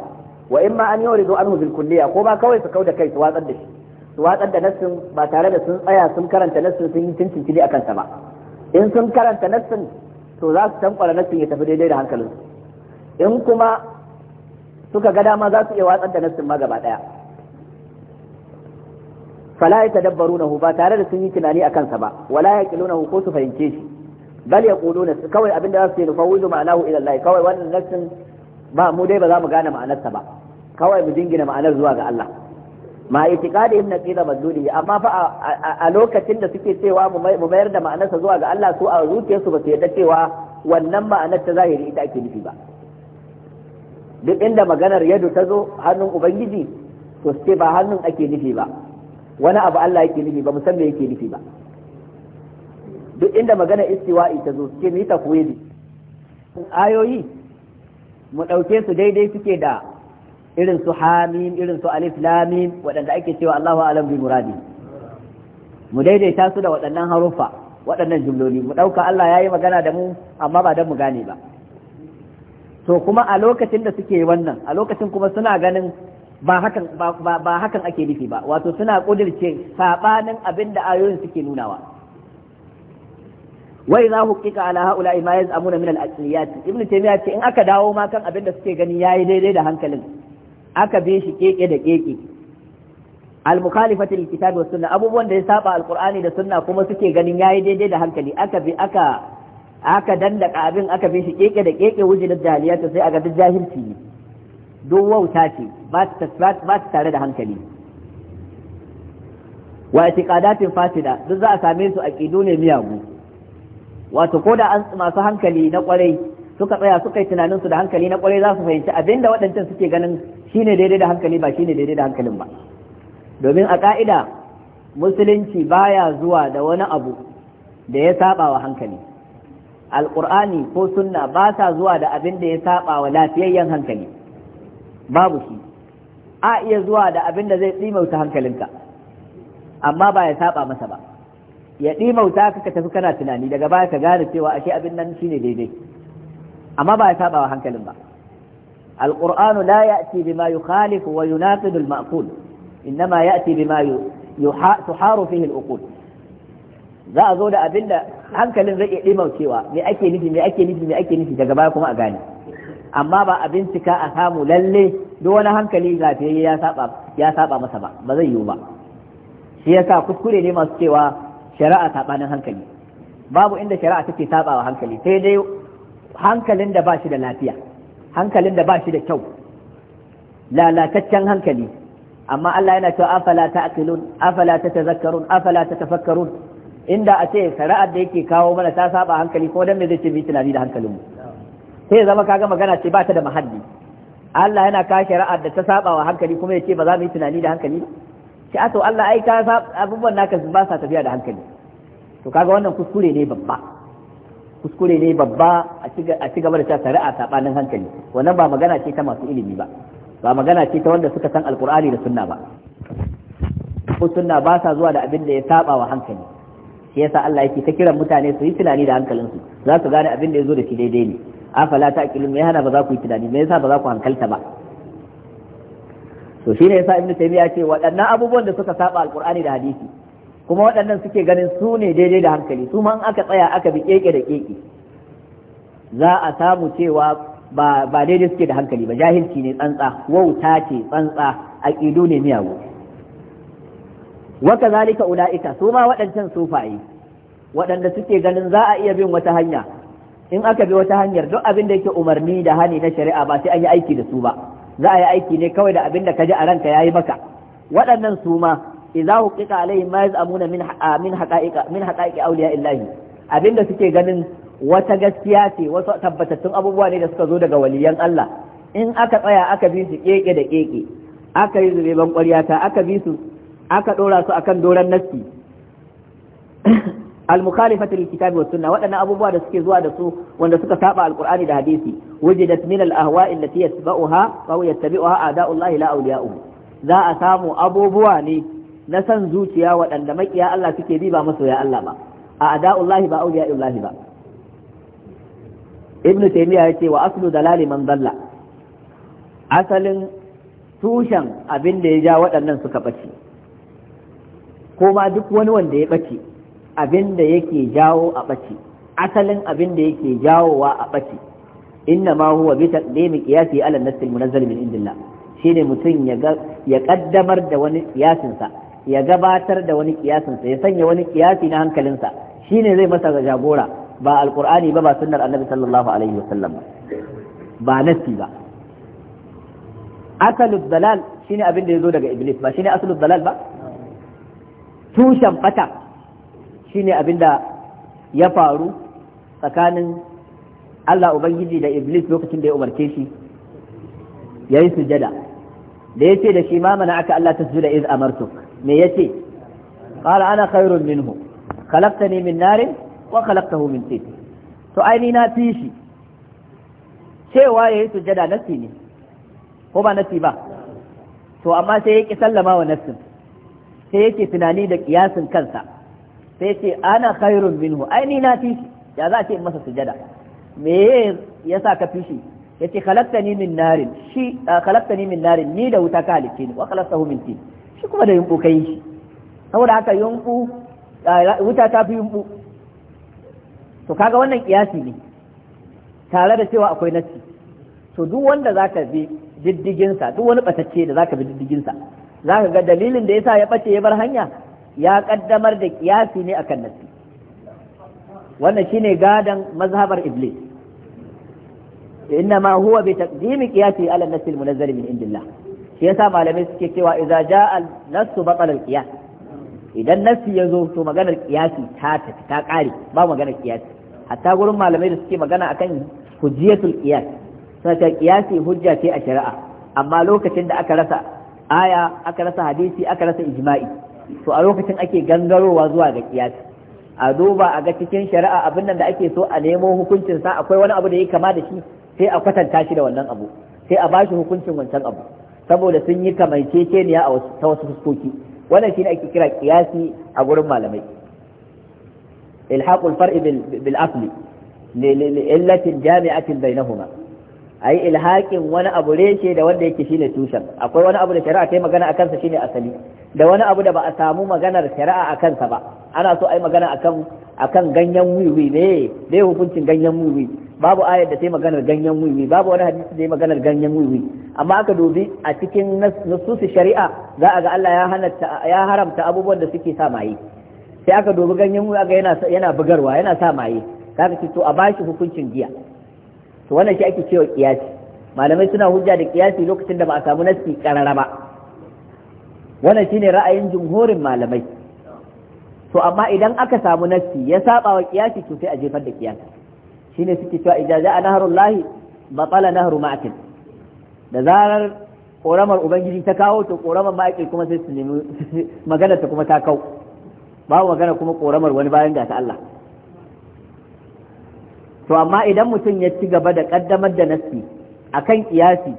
wa in ma an yi yuridu an huzul kulliya ko ba kawai su da kai su watsar da shi su watsar da nassin ba tare da sun tsaya sun karanta nassin sun yi cincin akan sa ba in sun karanta nassin to za su tankwara nassin ya tafi daidai da hankalinsu in kuma suka ga dama za su iya watsar da nassin ma gaba daya fala yatadabbarunahu ba tare da sun yi tunani akan sa ba wala yaqilunahu ko su fahimce shi bal yaquluna kawai abinda za su yi nufawidu ma'anahu ila Allah kawai wannan nassin ba mu dai ba za mu gane ma'anarsa ba kawai mu dingina ma'anar zuwa ga Allah ma itiqadihim naqila madluli amma fa a lokacin da suke cewa mu mayar da ma'anarsa zuwa ga Allah su a zuciyarsu ba su yarda cewa wannan ma'anar ta zahiri ita ake nufi ba duk inda maganar yadu ta zo hannun ubangiji to sai ba hannun ake nufi ba wani abu Allah yake nufi ba musamman yake nufi ba duk inda magana istiwa'i ta zo cikin nita kuwili ayoyi mu ɗauke su daidai suke da irin su hamim irin su alif lamim waɗanda ake cewa Allahu alam bi muradi mu daidaita su da waɗannan harufa waɗannan jumloli mu ɗauka Allah ya yi magana da mu amma ba don mu gane ba to kuma a lokacin da suke wannan a lokacin kuma suna ganin ba hakan ba hakan ake nufi ba wato suna kudirce sabanin abin da ayoyin suke nunawa wai za ku kika ala haula ma yaz'amuna min al-aqliyat ibnu taymiya ce in aka dawo ma kan abin da suke gani yayi daidai da hankalin aka bi shi keke da keke al-mukhalifati al kitab wa sunna abubuwan da ya saba al-qur'ani da sunna kuma suke ganin yayi daidai da hankali aka bi aka aka dandaka abin aka bi shi keke da keke wujudat jahiliya sai aga duk jahilci duk wauta ce ba su tare da hankali wa itiqadatin fasida duk za a same su a aqidu ne miyagu wato ko da an masu hankali na kwarai suka tsaya suka yi tunaninsu da hankali na kwarai za su fahimci abinda waɗancan suke ganin shine daidai da hankali ba shine daidai da hankalin ba domin a ka'ida musulunci baya zuwa da wani abu da ya saba wa hankali Alƙur'ani ko sunna ba sa zuwa da abin da ya saba wa lafiyayyen hankali babu shi a iya zuwa da abin da zai ɗimauta hankalinka amma ba ya saba masa ba ya ɗimauta ka ka tafi kana tunani daga baya ka gane cewa ashe abin nan shine daidai amma ba ya saba wa hankalin ba القرآن لا يأتي بما يخالف ويناقض المأكول إنما يأتي بما تحار فيه الأقول za a zo da abin da hankalin zai iya ɗimaucewa me ake nufi me ake nufi daga baya kuma a gane amma ba a bincika a samu lalle duk wani hankali lafiyayye ya saba ya saba masa ba ba zai yiwu ba shi yasa kuskure ne masu cewa shari'a sabanin hankali babu inda shari'a take saba wa hankali sai dai hankalin da ba shi da lafiya hankalin da ba shi da kyau lalataccen hankali amma Allah yana cewa afala ta'qilun afala tatazakkarun afala tatafakkarun inda a ce shari'ar da yake kawo mana ta saba hankali ko dan me zai ce bi tunani da hankalinmu sai zama kaga magana ce ba ta da mahalli Allah yana ka shari'a da ta saba wa hankali kuma ya ce ba za mu yi tunani da hankali ba shi a to Allah ai ka abubuwan naka ba sa tafiya da hankali to kaga wannan kuskure ne babba kuskure ne babba a ci gaba da ta shari'a sabanin hankali wannan ba magana ce ta masu ilimi ba ba magana ce ta wanda suka san alkur'ani da sunna ba ko sunna ba sa zuwa da abin da ya saba wa hankali shi yasa Allah yake ta kiran mutane su yi tunani da hankalinsu za su gane abin da ya zo da shi daidai ne afala ta aqilun me hana ba za ku yi tunani me yasa ba za ku hankalta ba to shine yasa ibnu taymiya ce waɗannan abubuwan da suka saba alqur'ani da hadisi kuma waɗannan suke ganin su ne daidai da hankali su ma in aka tsaya aka bi keke da keke za a samu cewa ba ba daidai suke da hankali ba jahilci ne tsantsa wauta ce tsantsa aqidu ne miyagu wa kazalika ulaika su ma waɗancan sufaye waɗanda suke ganin za a iya bin wata hanya in aka bi wata hanyar duk abin da yake umarni da hani na shari'a ba sai an yi aiki da su ba za a yi aiki ne kawai da abin da ka ji a ranka yayi maka waɗannan su ma idza huqiqa alaihim ma yaz'amuna min ah, min haqa'iqa min haqa'iqi awliya illahi abin da suke ganin wata gaskiya ce wasu tabbatattun abubuwa ne da suka zo daga waliyan Allah in aka tsaya aka bi su keke da keke aka yi zubeban ƙwarya ta aka bi su aka ɗora su akan doron nassi al-mukhalifati lil kitabi sunna waɗannan abubuwa da suke zuwa da su wanda suka saba alqur'ani da hadisi wujidat min al-ahwa'i allati yatba'uha aw yattabi'uha a'da'ullahi la awliya'uhu za a samu abubuwa ne na san zuciya waɗanda makiya Allah suke bi ba masoya Allah ba a a'da'ullahi ba awliya'ullahi ba ibnu taymiya yace wa aslu dalali man dalla asalin tushen abin da ya ja waɗannan suka ɓace ko duk wani wanda ya ɓace abin da yake jawo a ɓace asalin abin da yake jawowa a ɓace inna ma huwa bi taqdimi qiyasi ala an-nass al-munazzal min indillah shine mutum ya ya kaddamar da wani qiyasin sa ya gabatar da wani qiyasin sa ya sanya wani qiyasi na hankalinsa shine zai masa jagora ba alqur'ani ba ba sunnar annabi sallallahu alaihi wasallam ba ba nasi ba asalul dalal shine abin da yazo daga iblis ba shine asalul dalal ba tushen fata. shine abinda ya faru tsakanin Allah Ubangiji da Iblis lokacin da ya umarce shi ya yi sujada da ya ce da shi ma mana aka Allah ta sujuda iz amartuk me ya ce qala ana khairun minhu khalaqtani min narin wa khalaqtahu min tin to ni na fi shi cewa ya yi sujada nasi ne ko ba nasi ba to amma sai ya ki sallama wa nafsin. sai yake tunani da kiyasin kansa sai ce ana khairun minhu ai ni na fi ya za a ce in masa sujada me ya sa ka fi shi Ya yace khalaqtani min narin shi khalaqtani min narin ni da wuta ka halicce ni wa khalaqtahu min tin shi kuma da yunku kai shi saboda haka yunku wuta ta fi yunku to kaga wannan kiyasi ne tare da cewa akwai nasi to duk wanda zaka bi diddigin sa duk wani batacce da zaka bi diddigin sa zaka ga dalilin da yasa ya bace ya bar hanya ya kaddamar da kiyasi ne akan nassi wannan shine gadan mazhabar iblis inma huwa bi taqdimi qiyasi ala nassi almunazzal min indillah shi yasa malamai suke cewa idza jaa an-nassu batala al-qiyas idan nassi yazo to maganar kiyasi ta tafi ta kare ba maganar kiyasi. hatta gurin malamai da suke magana akan hujjatul qiyas sai kiyasi hujja ce a shari'a amma lokacin da aka rasa aya aka rasa hadisi aka rasa ijma'i to a lokacin ake gangarowa zuwa ga kiyasi a duba a ga cikin shari'a abin nan da ake so a nemo hukuncin sa akwai wani abu da ya kama da shi sai a kwatanta shi da wannan abu sai a bashi hukuncin wancan abu saboda sun yi kamanceceniya a ta wasu fuskoki wannan shine ake kira kiyasi a gurin malamai ilhaqul far'i bil asli li'illatin jami'atin bainahuma a yi ilhaƙin wani abu reshe da wanda yake shine tushen akwai wani abu da shari'a ta yi magana akan sa shine asali da wani abu da ba a samu maganar shari'a a kansa ba ana so a yi magana akan akan ganyen wiwi ne dai hukuncin ganyen wiwi babu ayar da sai maganar ganyen wiwi babu wani hadisi da maganar ganyen wiwi amma aka dubi a cikin nasusu shari'a za a ga Allah ya halatta ya haramta abubuwan da suke sa maye sai aka dubi ganyen wiwi aka yana yana bugarwa yana sa maye kaga ce to a bashi hukuncin giya to wannan shi ake cewa kiyasi malamai suna hujja da kiyasi lokacin da ba a samu nasi karara ba wannan shine ra'ayin jumhurin malamai to amma idan aka samu nassi ya saba wa kiyasi to sai a jefar da kiyasi shine suke cewa ijaza a naharul lahi batala nahru ma'akin da zarar koramar ubangiji ta kawo to koramar ma'akin kuma sai su nemi magana ta kuma ta kau babu magana kuma koramar wani bayan ga ta Allah to amma idan mutum ya ci gaba da kaddamar da nassi akan kiyasi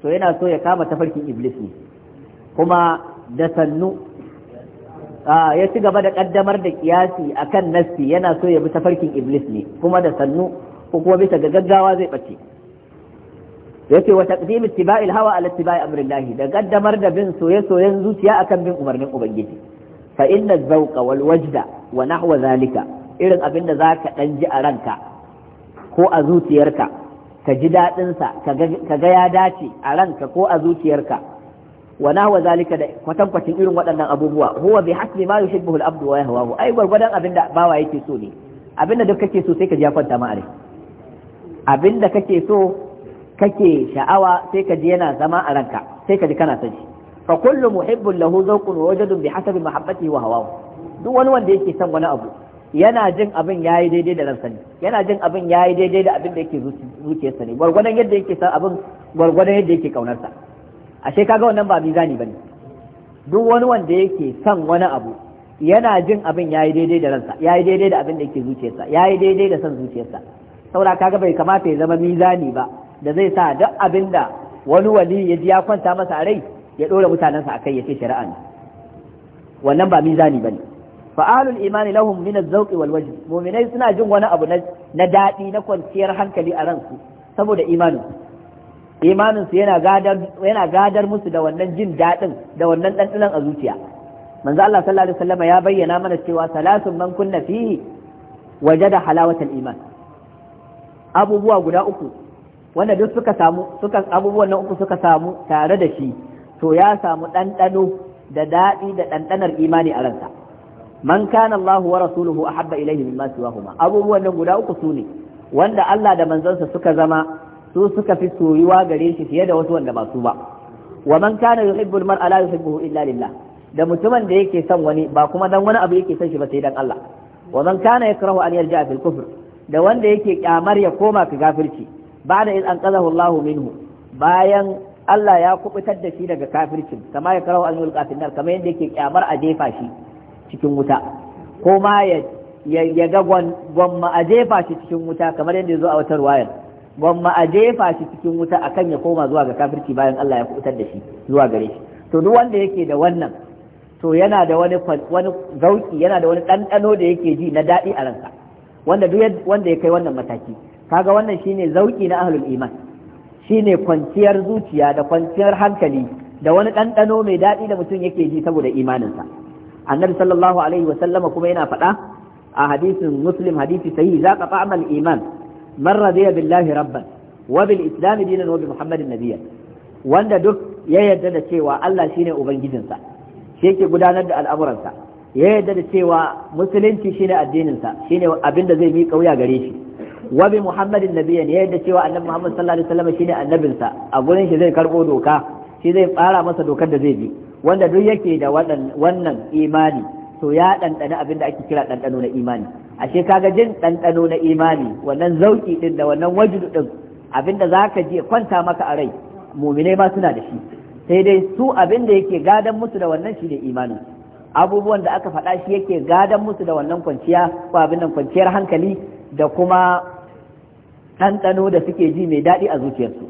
to yana so ya kama tafarkin iblis ne kuma da sannu ya ci gaba da ƙaddamar da kiyasi kan nassi yana so ya bi ta farkin iblis ne kuma da sannu ko kuma bisa ga gaggawa zai ɓace. Ya ce wa taqdim ittiba'il hawa ala ittiba'i amrillahi da kaddamar da bin soye-soyen zuciya akan bin umarnin ubangiji fa inna zawqa wal wajda wa nahwa zalika irin abin da zaka dan ji a ranka ko a zuciyarka ka ji dadin sa ka ga ya dace a ranka ko a zuciyarka wa nahwa zalika da kwatankwacin irin waɗannan abubuwa huwa bi hasbi ma yuhibbu al-abdu wa yahwahu ai gwargwadon abinda bawa yake so ne abinda duk kake so sai ka ji kwanta ma abinda kake so kake sha'awa sai ka ji yana zama a ranka sai ka ji kana son shi fa kullu muhibbun lahu zawqun wa wajadun bi hasabi mahabbatihi wa hawahu duk wani wanda yake son wani abu yana jin abin yayi daidai da ransa ne yana jin abin yayi daidai da abin da yake zuciyarsa ne gwargwadon yadda yake son abin gwargwadon yadda yake kaunarsa ashe kaga wannan ba mizani bane duk wani wanda yake son wani abu yana jin abin yayi daidai da ransa yayi daidai da abin da yake zuciyarsa yayi daidai da son zuciyarsa Saura kaga bai kamata ya zama mizani ba da zai sa duk abin da wani wali ya ji ya kwanta masa a rai ya dora mutanensa akai ya ce shari'a ne wannan ba mizani bane ne. ahlul imani lahum min az-zawq wal wajh mu'minai suna jin wani abu na daɗi na kwanciyar hankali a ransu saboda imanin imaninsu yana gadar musu da wannan jin daɗin da wannan ɗanɗanon a zuciya manzo Allah sallallahu alaihi wasallam ya bayyana mana cewa salatun man kunna fihi wajada halawatal iman abubuwa guda uku wanda duk suka samu suka abubuwan nan uku suka samu tare da shi to ya samu ɗanɗano da daɗi da ɗanɗanar imani a ransa man kana Allah wa rasuluhu ahabba ilayhi mimma siwahuma abubuwan nan guda uku sune wanda Allah da manzansa suka zama su suka fi soyuwa gare shi fiye da wasu wanda ba su ba wa man kana yuhibbul mar'a la yuhibbuhu illa lillah da mutumin da yake son wani ba kuma dan wani abu yake son shi ba sai dan Allah wa man kana yakrahu an yarja'a fil kufr da wanda yake kyamar ya koma ka kafirci ba'da in anqadahu Allah minhu bayan Allah ya kubutar da shi daga kafircin kama ya karahu an yulqa fil nar kamar yadda yake kyamar a jefa shi cikin wuta ko ma ya ya ga gwamma a jefa shi cikin wuta kamar yadda ya zo a wata ruwayar ma a jefa shi cikin wuta akan ya koma zuwa ga kafirci bayan Allah ya kubutar da shi zuwa gare shi to duk wanda yake da wannan to yana da wani wani zauki yana da wani ɗanɗano da yake ji na daɗi a ransa wanda duk wanda ya kai wannan mataki kaga wannan shine zauki na ahlul iman shine kwanciyar zuciya da kwanciyar hankali da wani ɗanɗano mai daɗi da mutum yake ji saboda imaninsa annabi sallallahu alaihi wa sallama kuma yana faɗa a hadisin muslim hadisi sahihi za ka fa'amal iman man radiya billahi rabban wa bil islam dinan wa bi muhammadin nabiyyan wanda duk ya yarda da cewa Allah shine ubangijinsa shi yake gudanar da al'amuransa ya yarda da cewa musulunci shine addininsa shine abinda zai mi wuya gare shi wa bi muhammadin nabiyyan ya yarda cewa annabi muhammad sallallahu alaihi wasallam shine annabinsa a gurin shi zai karbo doka shi zai fara masa dokar da zai bi wanda duk yake da wannan imani to ya ɗanɗana abin da ake kira ɗanɗano na imani ashe kaga jin ɗanɗano na imani wannan zauki ɗin da wannan wajudu ɗin abinda za ka je kwanta maka a rai muminai ma suna da shi sai dai su abinda yake gadan musu da wannan shi ne imanin abubuwan da aka faɗa shi yake gadon musu da wannan kwanciya ko abin nan kwanciyar hankali da kuma ɗanɗano da suke ji mai daɗi a zuciyarsu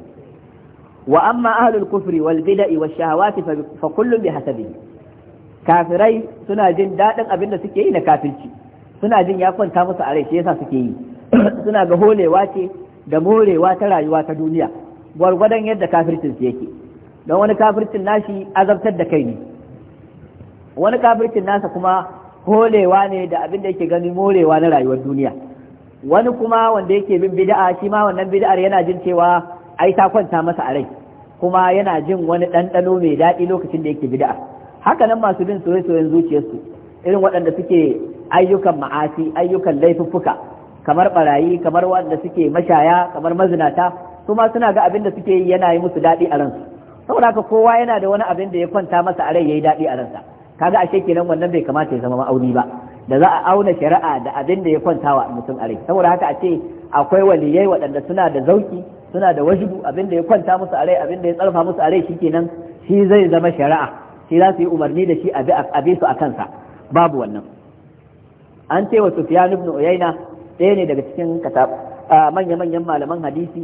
wa amma ahlul kufri wal bid'i wash shahawati fa kullum bi hasabihi kafirai suna jin daɗin abinda suke yi na kafirci suna jin ya kwanta musu a rai shi yasa suke yi suna ga holewa ce da morewa ta rayuwa ta duniya gwargwadon yadda kafircin su yake don wani kafircin nashi azabtar da kai ne wani kafircin nasa kuma holewa ne da abin da yake gani morewa na rayuwar duniya wani kuma wanda yake bin bid'a shi ma wannan bid'ar yana jin cewa ai ta kwanta masa a rai kuma yana jin wani ɗanɗano mai daɗi lokacin da yake bid'a haka nan masu bin soyayya zuciyarsu irin waɗanda suke ayyukan ma'asi ayyukan laifuffuka kamar barayi kamar wanda suke mashaya kamar mazinata su ma suna ga abin da suke yi yana yi musu daɗi a ransu saboda haka kowa yana da wani abin da ya kwanta masa a rai yayi daɗi a ransa kaga ashe kenan wannan bai kamata ya zama ma'auni ba da za a auna shari'a da abin da ya kwanta wa mutum a rai saboda haka a ce akwai waliyai waɗanda suna da zauki suna da wajibu abin da ya kwanta musu a rai abin da ya tsarfa musu a rai shikenan shi zai zama shari'a shi za su yi umarni da shi a bi su a kansa babu wannan an ce wa Sufyan ibn Uyayna ɗaya ne daga cikin manya-manyan malaman hadisi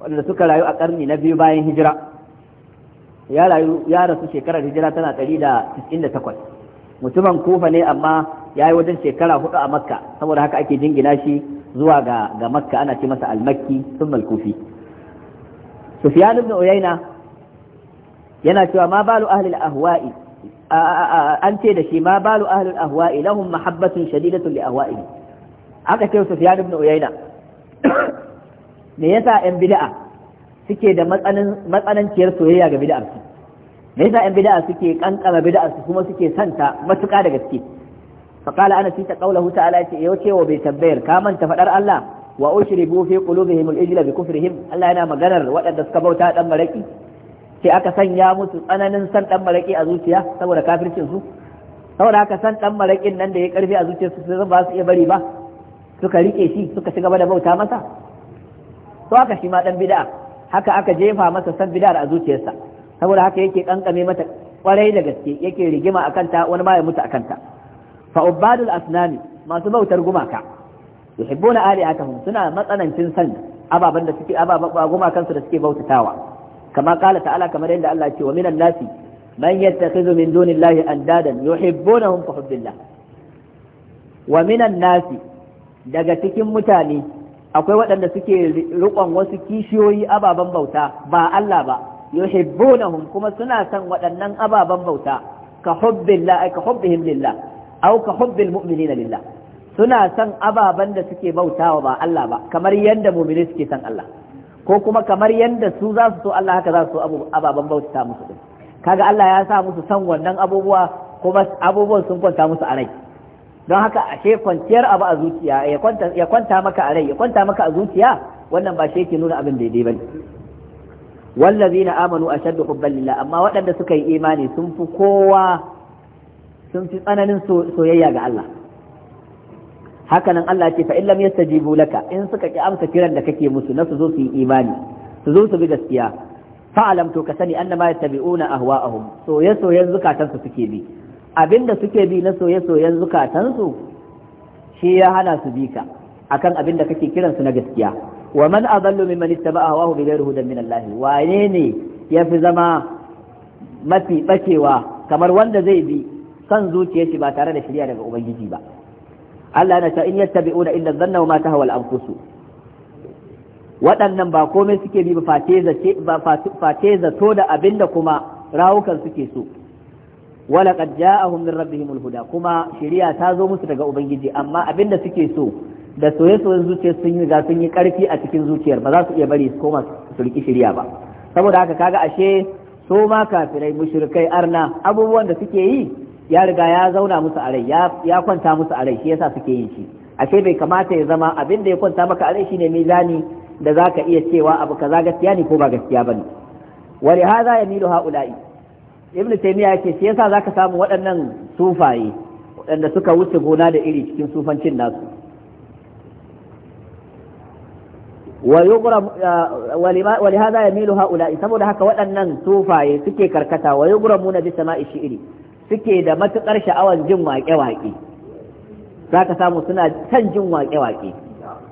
wanda suka rayu a karni na biyu bayan hijira ya rayu ya rasu shekarar hijira tana da da ɗari takwas. mutumin kofa ne amma ya yi wajen shekara hudu a makka saboda haka ake jingina shi zuwa ga ga makka ana ce masa almakki sun malkufi. sufyan ibn uyayna yana cewa ma balu ahli al-ahwa'i an ce da shi ma balu ahlul ahwa'i lahum mahabbatun shadidatun li ahwa'ihim aka ce su fiyar ibn uyayna me yasa ɗan bid'a suke da matsanin matsananciyar soyayya ga bid'a me yasa 'yan bida'a suke kankana bid'a su kuma suke santa matuka da gaske fa qala ana fi taqawlahu ta'ala ce yau ce wa bai tambayar ka manta faɗar Allah wa ushribu fi qulubihim al-ijla bi kufrihim Allah yana maganar waɗanda suka bauta ɗan maraki sai aka sanya musu tsananin san dan maraƙi a zuciya saboda kafircin su saboda haka san dan maraƙin nan da ya karfi a zuciyarsu sai ba su iya bari ba suka rike shi suka ci gaba da bauta masa to haka shi ma dan bid'a haka aka jefa masa san bid'a a zuciyarsa saboda haka yake kankame mata kwarai da gaske yake rigima akan ta wani ma ya mutu akan ta fa ubadul asnami masu bautar gumaka yuhibbuna alihatahum suna matsanancin san ababan da suke ababa gumakan su da suke bautatawa kama kala ta'ala kamar yadda Allah ce wa minan nasi man yattakhidhu min dunillahi andadan yuhibbunahum ka hubbillah wa minan nasi daga cikin mutane akwai waɗanda suke rikon wasu kishiyoyi ababen bauta ba Allah ba yuhibbunahum kuma suna san waɗannan ababen bauta ka hubbillah ka hubbihim lillah aw suna san ababen da suke bautawa ba Allah ba kamar yadda mu'mini suke san Allah ko kuma kamar yadda su za su so Allah haka za su so ababen bauta musu din kaga Allah ya sa musu san wannan abubuwa kuma abubuwan sun kwanta musu a rai don haka ashe kwanciyar abu a zuciya ya kwanta ya maka a rai ya kwanta maka a zuciya wannan ba shi yake nuna abin daidai bane na amanu a ashaddu hubban Lila amma waɗanda suka yi imani sun fi kowa sun fi tsananin soyayya ga Allah hakanan Allah ce fa illam yastajibu laka in suka ki amsa kiran da kake musu na su zo su yi imani su zo su bi gaskiya fa'alam to ka sani annama yattabi'una ahwa'ahum soye soyen zukatan su suke bi abinda suke bi na soye soyen zukatan su shi ya hana su bi ka akan abinda kake kiran su na gaskiya wa man adallu mimman ittaba'a hawahu bi ghairi hudan min Allah wane ne yafi zama mafi bacewa kamar wanda zai bi kan zuciyar ba tare da shari'a daga ubangiji ba Allah na ta in yattabi'una illa zanna wa ma tahwa al waɗannan ba komai suke bi ba fate zato da abinda kuma rawukan suke so wala qad ja'ahum min rabbihimul huda kuma shari'a ta zo musu daga ubangiji amma abinda suke so da soye-soyen zuciyar sun yi sun yi karfi a cikin zuciyar ba za su iya bari su koma su riki shari'a ba saboda haka kaga ashe su ma kafirai mushrikai arna abubuwan da suke yi ya riga ya zauna musu a rai ya kwanta musu a rai shi yasa suke yin shi ashe bai kamata ya zama abin da ya kwanta maka a rai shine mizani da za ka iya cewa abu kaza gaskiya ne ko ba gaskiya ba ne. bane wa li hadha yamilu haula'i ibnu ya yake shi yasa ka samu waɗannan sufaye waɗanda suka wuce gona da iri cikin sufancin nasu ولهذا يميل هؤلاء saboda haka waɗannan sufaye suke karkata ويغرمون yugramu na suke da matuƙar sha'awar jin waƙe-waƙe za ka samu suna can jin waƙe-waƙe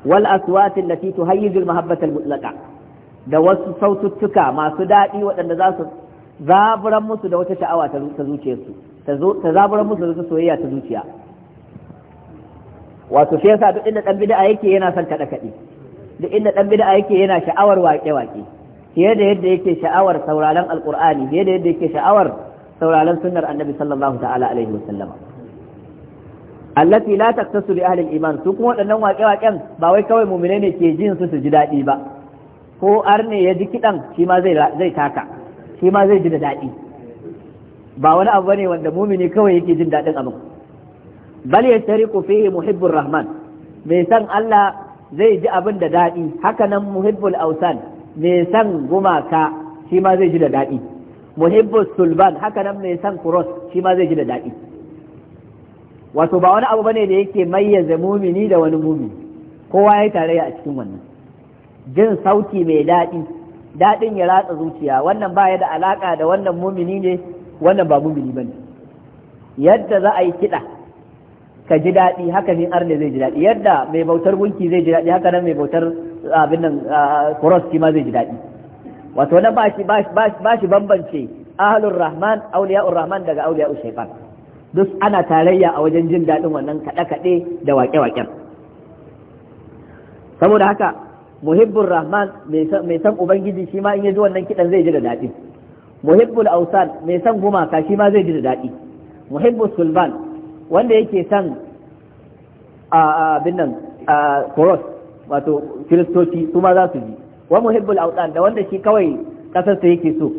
wal aswatin lati tuhayyijul mahabbatal mutlaqa da wasu saututtuka masu daɗi waɗanda za su zaburan musu da wata sha'awa ta zuciyarsu ta zaburan musu da wata soyayya ta zuciya wato shi yasa duk inda dan bid'a yake yana son kada kadi duk inda dan bid'a yake yana sha'awar waƙe-waƙe fiye da yadda yake sha'awar sauraron alqur'ani fiye da yadda yake sha'awar sauraron sunnar annabi sallallahu ta'ala alaihi wasallama allati la taktasu li ahli iman su kuma waɗannan waƙe-waƙen ba wai kawai mu'mine ne ke jin su su ji daɗi ba ko arne ya ji kiɗan shi ma zai zai taka shi ma zai ji da daɗi ba wani abu ne wanda mumini kawai yake jin daɗin abin bal yashtariku fihi muhibbur rahman mai san Allah zai ji abin da daɗi haka nan muhibbul ausan mai san gumaka shi ma zai ji da daɗi muhibbus sulban haka nan mai san cross shi ma zai ji da daɗi wato ba wani abu bane da yake mayyaza mumini da wani mumini kowa ya tarayya a cikin wannan jin sauti mai daɗi daɗin ya ratsa zuciya wannan ba ya da alaka da wannan mumini ne wannan ba mumini bane yadda za a yi kiɗa ka ji daɗi haka ne arne zai ji daɗi yadda mai bautar gunki zai ji daɗi haka nan mai bautar abin nan cross shi ma zai ji daɗi wato na ba shi ba shi bambance ahlur rahman auliya'ur rahman daga auliya'ur shaytan duk ana tarayya a wajen jin daɗin wannan kaɗe-kaɗe da wake waƙen saboda haka muhibbul rahman mai san ubangiji shi ma in ya ji wannan kiɗan zai ji da daɗi muhibbul ausan mai san gumaka shi ma zai ji da daɗi muhibbul sulban wanda yake san abin nan koros wato kiristoci su ma za su ji wa muhibbul awtan da wanda shi kawai kasarsa yake so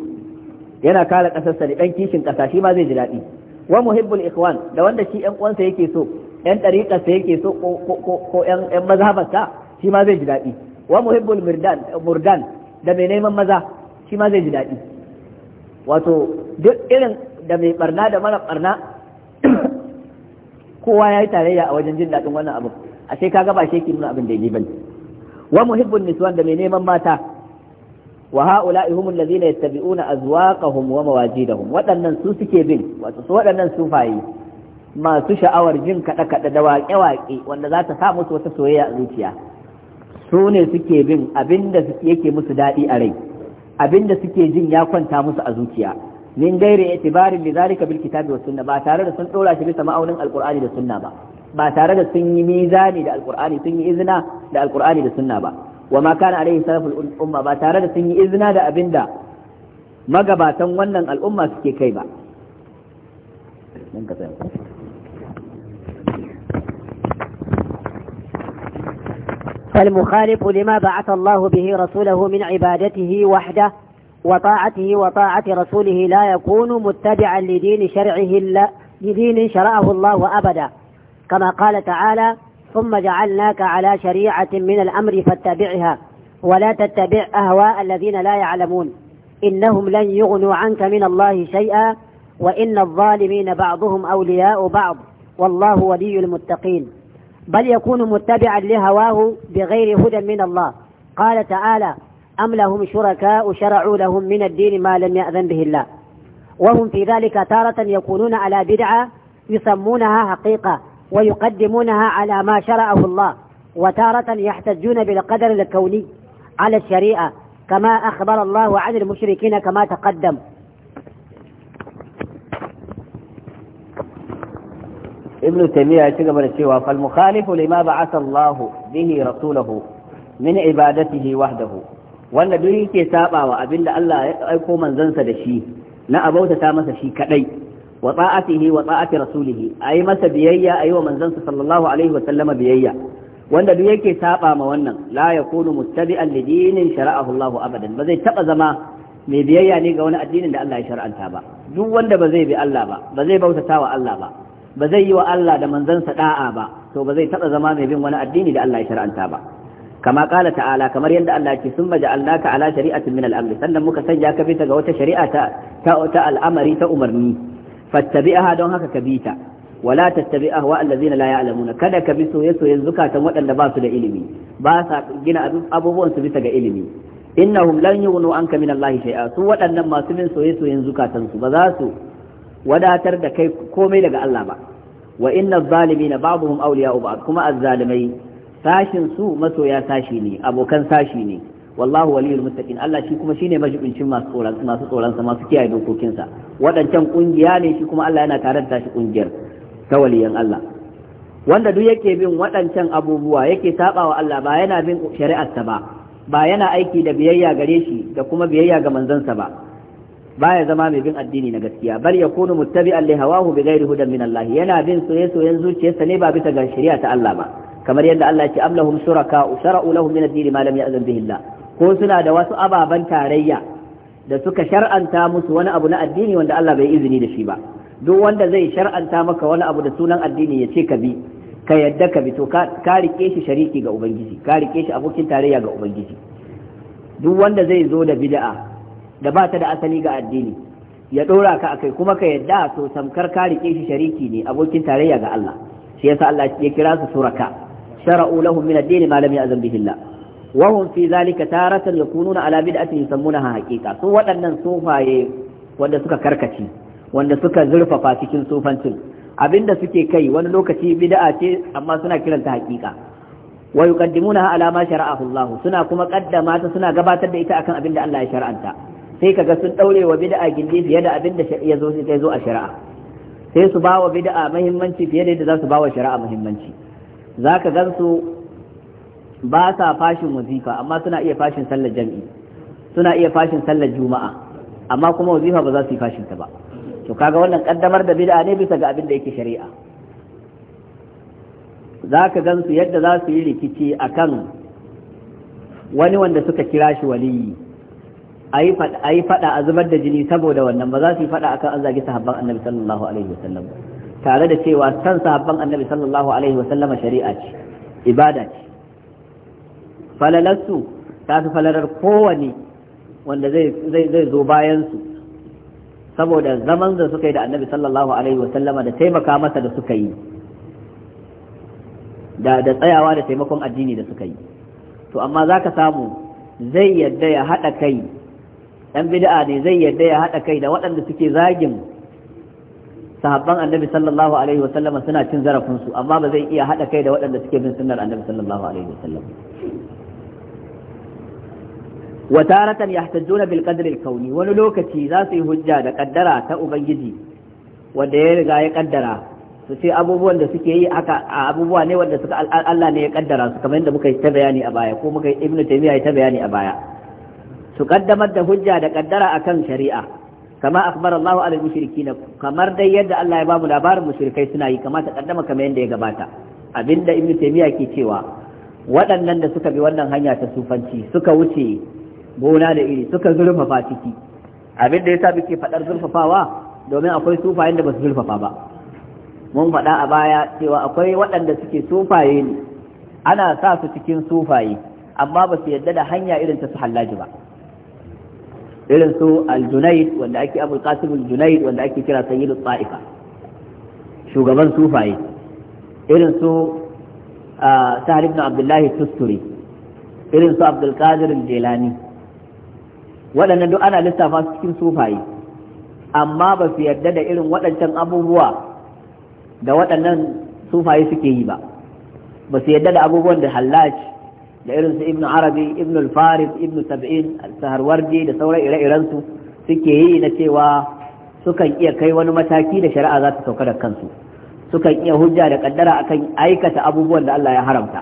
yana kala kasarsa da dan kishin kasa shi ma zai ji daɗi wa muhibbul ikhwan da wanda shi yan uwansa yake so yan ɗariƙarsa yake so ko yan mazhabarsa shi ma zai ji daɗi wa muhibbul murdan da mai neman maza shi ma zai ji daɗi wato duk irin da mai barna da mara barna kowa ya yi tarayya a wajen jin daɗin wannan abu a sai kaga ba shi yake nuna abin da ya bane wa muhibbun niswan da mai neman mata wa ha'ula'i humul ladzina yattabi'una azwaqahum wa mawajidahum waɗannan su suke bin wato su waɗannan sufayi masu sha'awar jin kaɗe kaɗe da waƙe waƙe wanda za ta sa musu wata soyayya a zuciya su ne suke bin abinda yake musu daɗi a rai abinda suke jin ya kwanta musu a zuciya min gairi itibarin bi zalika bil kitabi was sunna ba tare da sun dora shi bisa ma'aunin alqur'ani da sunna ba ba tare da sun yi mizani da alqur'ani sun yi izina da alqur'ani da sunna ba wa ma kana alaihi salaful umma ba tare da sun yi izina da abinda magabatan wannan al'umma suke kai ba فالمخالف لما بعث الله به رسوله من عبادته وحده وطاعته وطاعة رسوله لا يكون متبعا لدين شرعه إلا لدين شرعه الله أبدا كما قال تعالى ثم جعلناك على شريعة من الأمر فاتبعها ولا تتبع أهواء الذين لا يعلمون إنهم لن يغنوا عنك من الله شيئا وإن الظالمين بعضهم أولياء بعض والله ولي المتقين بل يكون متبعا لهواه بغير هدى من الله قال تعالى أم لهم شركاء شرعوا لهم من الدين ما لم يأذن به الله وهم في ذلك تارة يكونون على بدعة يسمونها حقيقة ويقدمونها على ما شرعه الله وتارة يحتجون بالقدر الكوني على الشريعة كما أخبر الله عن المشركين كما تقدم ابن تيمية يتقبل الشيوى فالمخالف لما بعث الله به رسوله من عبادته وحده والنبي كي yake وأبن wa abinda من ya aiko لا da shi na abauta wa ta'atihi wa ta'ati A yi masa biyayya ayi wa manzansa sallallahu alaihi wa sallama biyayya wanda duk yake saba ma wannan la yakunu muttabi'an li dinin shara'ahu abadan ba zai taba zama mai biyayya ne ga wani addinin da Allah ya shar'anta ba duk wanda ba zai bi Allah ba ba zai bautata wa Allah ba ba zai yi wa Allah da manzansa ɗa'a ba to ba zai taba zama mai bin wani addini da Allah ya shar'anta ba kama kala ta'ala kamar yadda Allah ce sun maja Allah ala shari'atin min al'amri sannan muka sanya ka shari'a al'amari ta umarni fattabi'aha don haka ka bi ta wala tattabi ahwa allazina la ya'lamuna kada ka bi soye soyen zukatan waɗanda ba su da ilimi ba sa gina abubuwan su bisa ga ilimi innahum lan yughnu anka min allahi shay'a su waɗannan masu bin soye soyen zukatan su ba za su wadatar da kai komai daga Allah ba wa inna zalimina ba'dhum awliya'u ba'd kuma azzalimai sashin su masoya sashi ne abokan sashi ne wallahu waliyul muttaqin Allah shi kuma shine majibincin masu tsoron masu tsoron sa masu kiyaye dokokin sa wadancan kungiya ne shi kuma Allah yana tare da shi kungiyar ta waliyan Allah wanda duk yake bin wadancan abubuwa yake sabawa Allah ba yana bin shari'ar sa ba ba yana aiki da biyayya gare shi da kuma biyayya ga sa ba baya zama mai bin addini na gaskiya bal yakunu muttabi'an li hawahu bighairi hudan min Allah yana bin soyayyen zuciyarsa ne ba bisa ga shari'a ta Allah ba kamar yadda Allah ya ce am lahum shuraka shara'u lahum min ad-din ma lam ya'zan bihi Allah ko suna da wasu ababen tarayya da suka shar'anta musu wani abu na addini wanda Allah bai izini da shi ba duk wanda zai shar'anta maka wani abu da sunan addini ya ce ka bi ka yadda ka bi to ka rike shi shariki ga ubangiji ka rike shi abokin tarayya ga ubangiji duk wanda zai zo da bid'a da ba ta da asali ga addini ya dora ka akai kuma ka yadda to tamkar ka rike shi shariki ne abokin tarayya ga Allah shi yasa Allah ya kira su suraka shara'u lahum min ad-din ma lam ya'zam bihi Allah wa hum fi zalika taratan yakununa ala bid'atin yusammunaha haqiqa su waɗannan sufaye wanda suka karkace wanda suka zurfafa cikin sufancin abinda suke kai wani lokaci bid'a ce amma suna kiranta haqiqa wa yuqaddimunaha ala ma shara'ahu Allah suna kuma kaddama ta suna gabatar da ita akan abinda Allah ya shar'anta sai kaga sun daure wa bid'a gindi fiye da abinda ya zo sai zo a shari'a sai su bawa bid'a muhimmanci fiye da yadda za su wa shari'a muhimmanci zaka gansu ba sa fashin wazifa amma suna iya fashin sallar jam'i suna iya fashin sallar juma'a amma kuma wazifa ba za su yi fashin ta ba to kaga wannan kaddamar da bid'a ne bisa ga abin da yake shari'a za ka gan su yadda za su yi rikici akan wani wanda suka kira shi waliyi a yi fada a zubar da jini saboda wannan ba za su yi fada akan an zagi sahabban annabi sallallahu alaihi wasallam tare da cewa san sahabban annabi sallallahu alaihi wasallama shari'a ce ibada ce falalarsu ta fi falalar kowane wanda zai zo bayansu saboda zaman da suka yi da annabi sallallahu alaihi wasallama da taimaka masa da suka yi da tsayawa da taimakon addini da suka yi to amma za ka samu zai yadda ya haɗa kai ɗan bid'a ne zai yadda ya haɗa kai da waɗanda suke zagin sahabban annabi sallallahu alaihi wasallama suna cin zarafinsu amma ba zai iya haɗa kai da waɗanda suke bin sunnar annabi sallallahu alaihi wasallama wa taratan yahtajjuna bil qadri al kauni wani lokaci za su yi hujja da kaddara ta ubangiji wanda ya riga ya kaddara su ce abubuwan da suke yi aka abubuwa ne wanda suka Allah ne ya kaddara su kamar yadda muka yi ta bayani a baya ko muka yi ibnu taymiya ta bayani a baya su kaddamar da hujja da kaddara akan shari'a كما أخبر الله على المشركين كما ردي يد الله يباب الأبار المشركين سنعي كما تقدم كما يندي قباتا أبن ابن تيمية كي cewa waɗannan da suka bi wannan hanya ta sufanci suka wuce gona da iri suka zurfafa ciki abin da sa muke faɗar zurfafawa domin akwai sufayen da ba su zurfafa ba mun faɗa a baya cewa akwai waɗanda suke sufaye ne ana sa su cikin sufaye amma ba su yadda da hanya irin ta su hallaji ba irin su aljunaid wanda ake abul qasim aljunaid wanda ake kira sayyidu ta'ifa shugaban sufaye irin su ah, sahar ibn abdullahi tusturi irin su abdul Jelani. al-jilani waɗannan duk ana lissafa su cikin sufaye amma ba su yarda da irin waɗancan abubuwa da waɗannan sufaye suke yi ba ba su yarda da abubuwan da hallaj da irin su ibnu arabi ibnu al-faris ibnu sab'in al-saharwardi da sauran ire-iren su suke yi na cewa sukan iya kai wani mataki da shari'a za ta sauka da kansu sukan iya hujja da kaddara akan aikata abubuwan da Allah ya haramta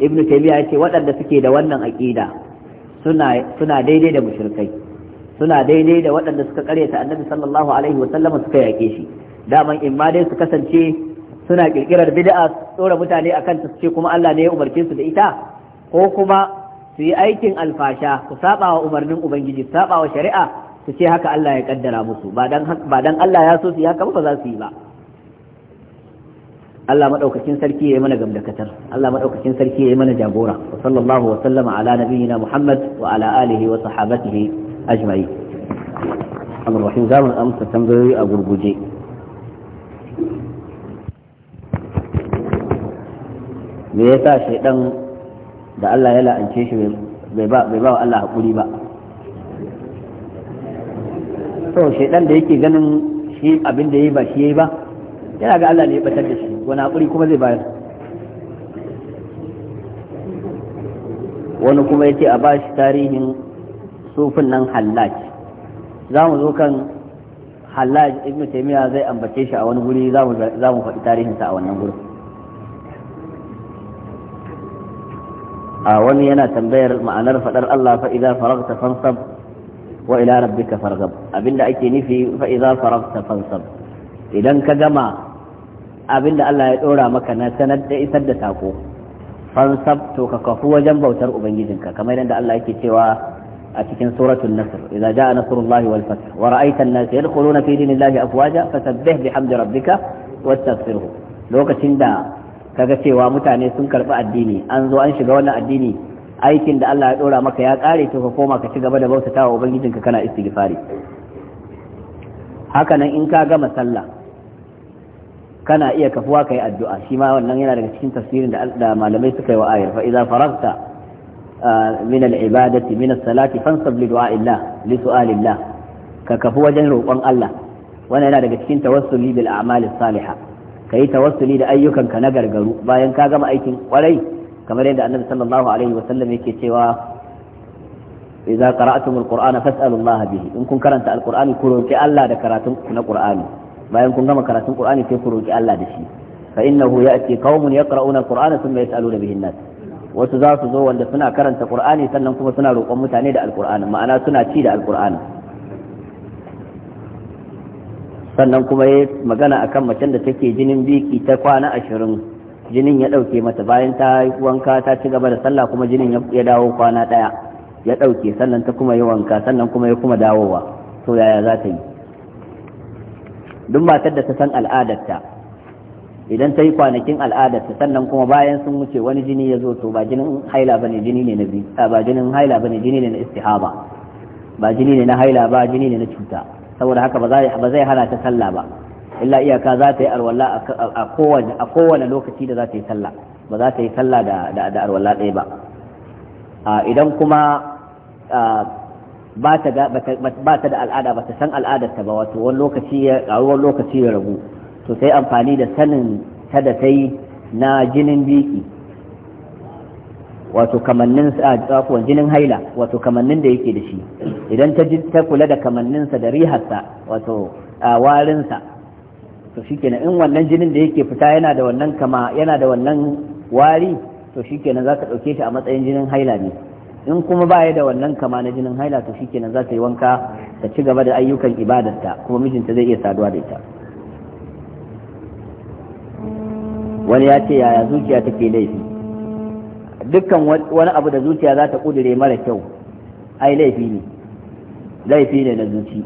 ibnu taymiya ce waɗanda suke da wannan aqida suna daidai da mushrikai suna daidai da waɗanda suka karyata annabi sallallahu alaihi wa sallama suka yake shi daman in ma dai su kasance suna kirkirar bid'a tsora mutane akan ta ce kuma Allah ne ya umarce su da ita ko kuma su yi aikin alfasha ku saba wa umarnin ubangiji su saba wa shari'a su ce haka Allah ya kaddara musu ba dan Allah ya so su yi haka ba za su yi ba Allah madaukakin sarki ya yi mana gamdakatar Allah madaukakin sarki ya yi mana jagora wa sallallahu wa sallama ala nabiyyina Muhammad wa ala alihi wa sahabatihi ajma'i. Allah rahim zamu amsa tambayoyi a gurguje me yasa shaydan da Allah ya la'ance shi bai ba bai ba Allah hakuri ba to shaydan da yake ganin shi abin da yayi ba shi yayi ba yana ga Allah ne ya batar da shi wani haƙuri kuma zai bayar wani kuma ya ce a ba shi tarihin sufin nan hallaj za mu zo kan hallaj ibn taimiyya zai ambace shi a wani guri za mu faɗi tarihinsa a wannan gurin a wani yana tambayar ma'anar faɗar Allah fa'iza faragta fansab wa ila rabbika fargab abinda ake nufi fa'iza faragta fansab idan ka gama abinda Allah ya ɗora maka na sanar da isar da tako fansab to ka kafu wajen bautar ubangijinka kamar yadda Allah yake cewa a cikin suratul nasr idza jaa nasrullahi wal fath wa ra'aita an-nas yadkhuluna fi dinillahi afwaja fasabbih bihamdi rabbika wastaghfirhu lokacin da kaga cewa mutane sun karbi addini an zo an shiga wannan addini aikin da Allah ya dora maka ya kare to ka koma ka ci gaba da bautatawa ubangijinka kana istighfari haka nan in ka gama sallah kana iya kafuwa kai addu'a shi ma wannan yana daga cikin tafsirin da malamai suka yi wa ayar fa idza faragta min al-ibadati min as-salati fansab li li ka kafu wajen roƙon Allah wannan yana daga cikin tawassuli bil a'malis saliha kai tawassuli da ayyukan ka na gargaru bayan ka gama aikin kwarai kamar yadda annabi sallallahu alaihi wa sallam yake cewa idza qara'tumul qur'ana fas'alullaha bihi in kun karanta al-qur'ani ku roki Allah da karatun na qur'ani bayan kun gama karatun Qur'ani sai ku roki Allah da shi fa innahu ya'ti qaumun yaqra'una al-Qur'ana thumma yas'aluna bihi an-nas wasu za su zo wanda suna karanta Qur'ani sannan kuma suna roƙon mutane da al-Qur'ani ma'ana suna ci da al-Qur'ani sannan kuma ya magana akan macen da take jinin biki ta kwana ashirin jinin ya ɗauke mata bayan ta wanka ta ci gaba da sallah kuma jinin ya dawo kwana ɗaya ya ɗauke sannan ta kuma yi wanka sannan kuma ya kuma dawowa to yaya za ta yi duk matar da ta san al'adarta idan ta yi kwanakin al'adarta sannan kuma bayan sun wuce wani jini ya zo to ba jinin haila ne jini ne na bi ba jinin haila ne jini ne na istihaba ba jini ne na haila ba jini ne na cuta saboda haka ba zai hana ta sallah ba illa iyaka za ta yi arwalla a kowane a kowane lokaci da za ta yi sallah ba za ta yi sallah da da ɗaya ba idan kuma ba ta da al'ada ba ta san al'adarta ba wato wani lokaci ya ƙaru wani lokaci ya ragu to sai amfani da sanin ta da ta yi na jinin biki wato kamannin tsafuwan jinin haila wato kamannin da yake da shi idan ta ta kula da kamanninsa da riharsa wato a warinsa to shikenan in wannan jinin da yake fita yana da wannan kama yana da wannan wari to shikenan za ka ɗauke shi a matsayin jinin haila ne in kuma ba ya da wannan kama na jinin haila to shikenan za ta yi wanka ta ci gaba da ayyukan ibadarta kuma mijinta zai iya saduwa da ita wani ya ce yaya zuciya take laifi dukkan wani abu da zuciya za ta kudure mara kyau ai laifi ne laifi ne na zuci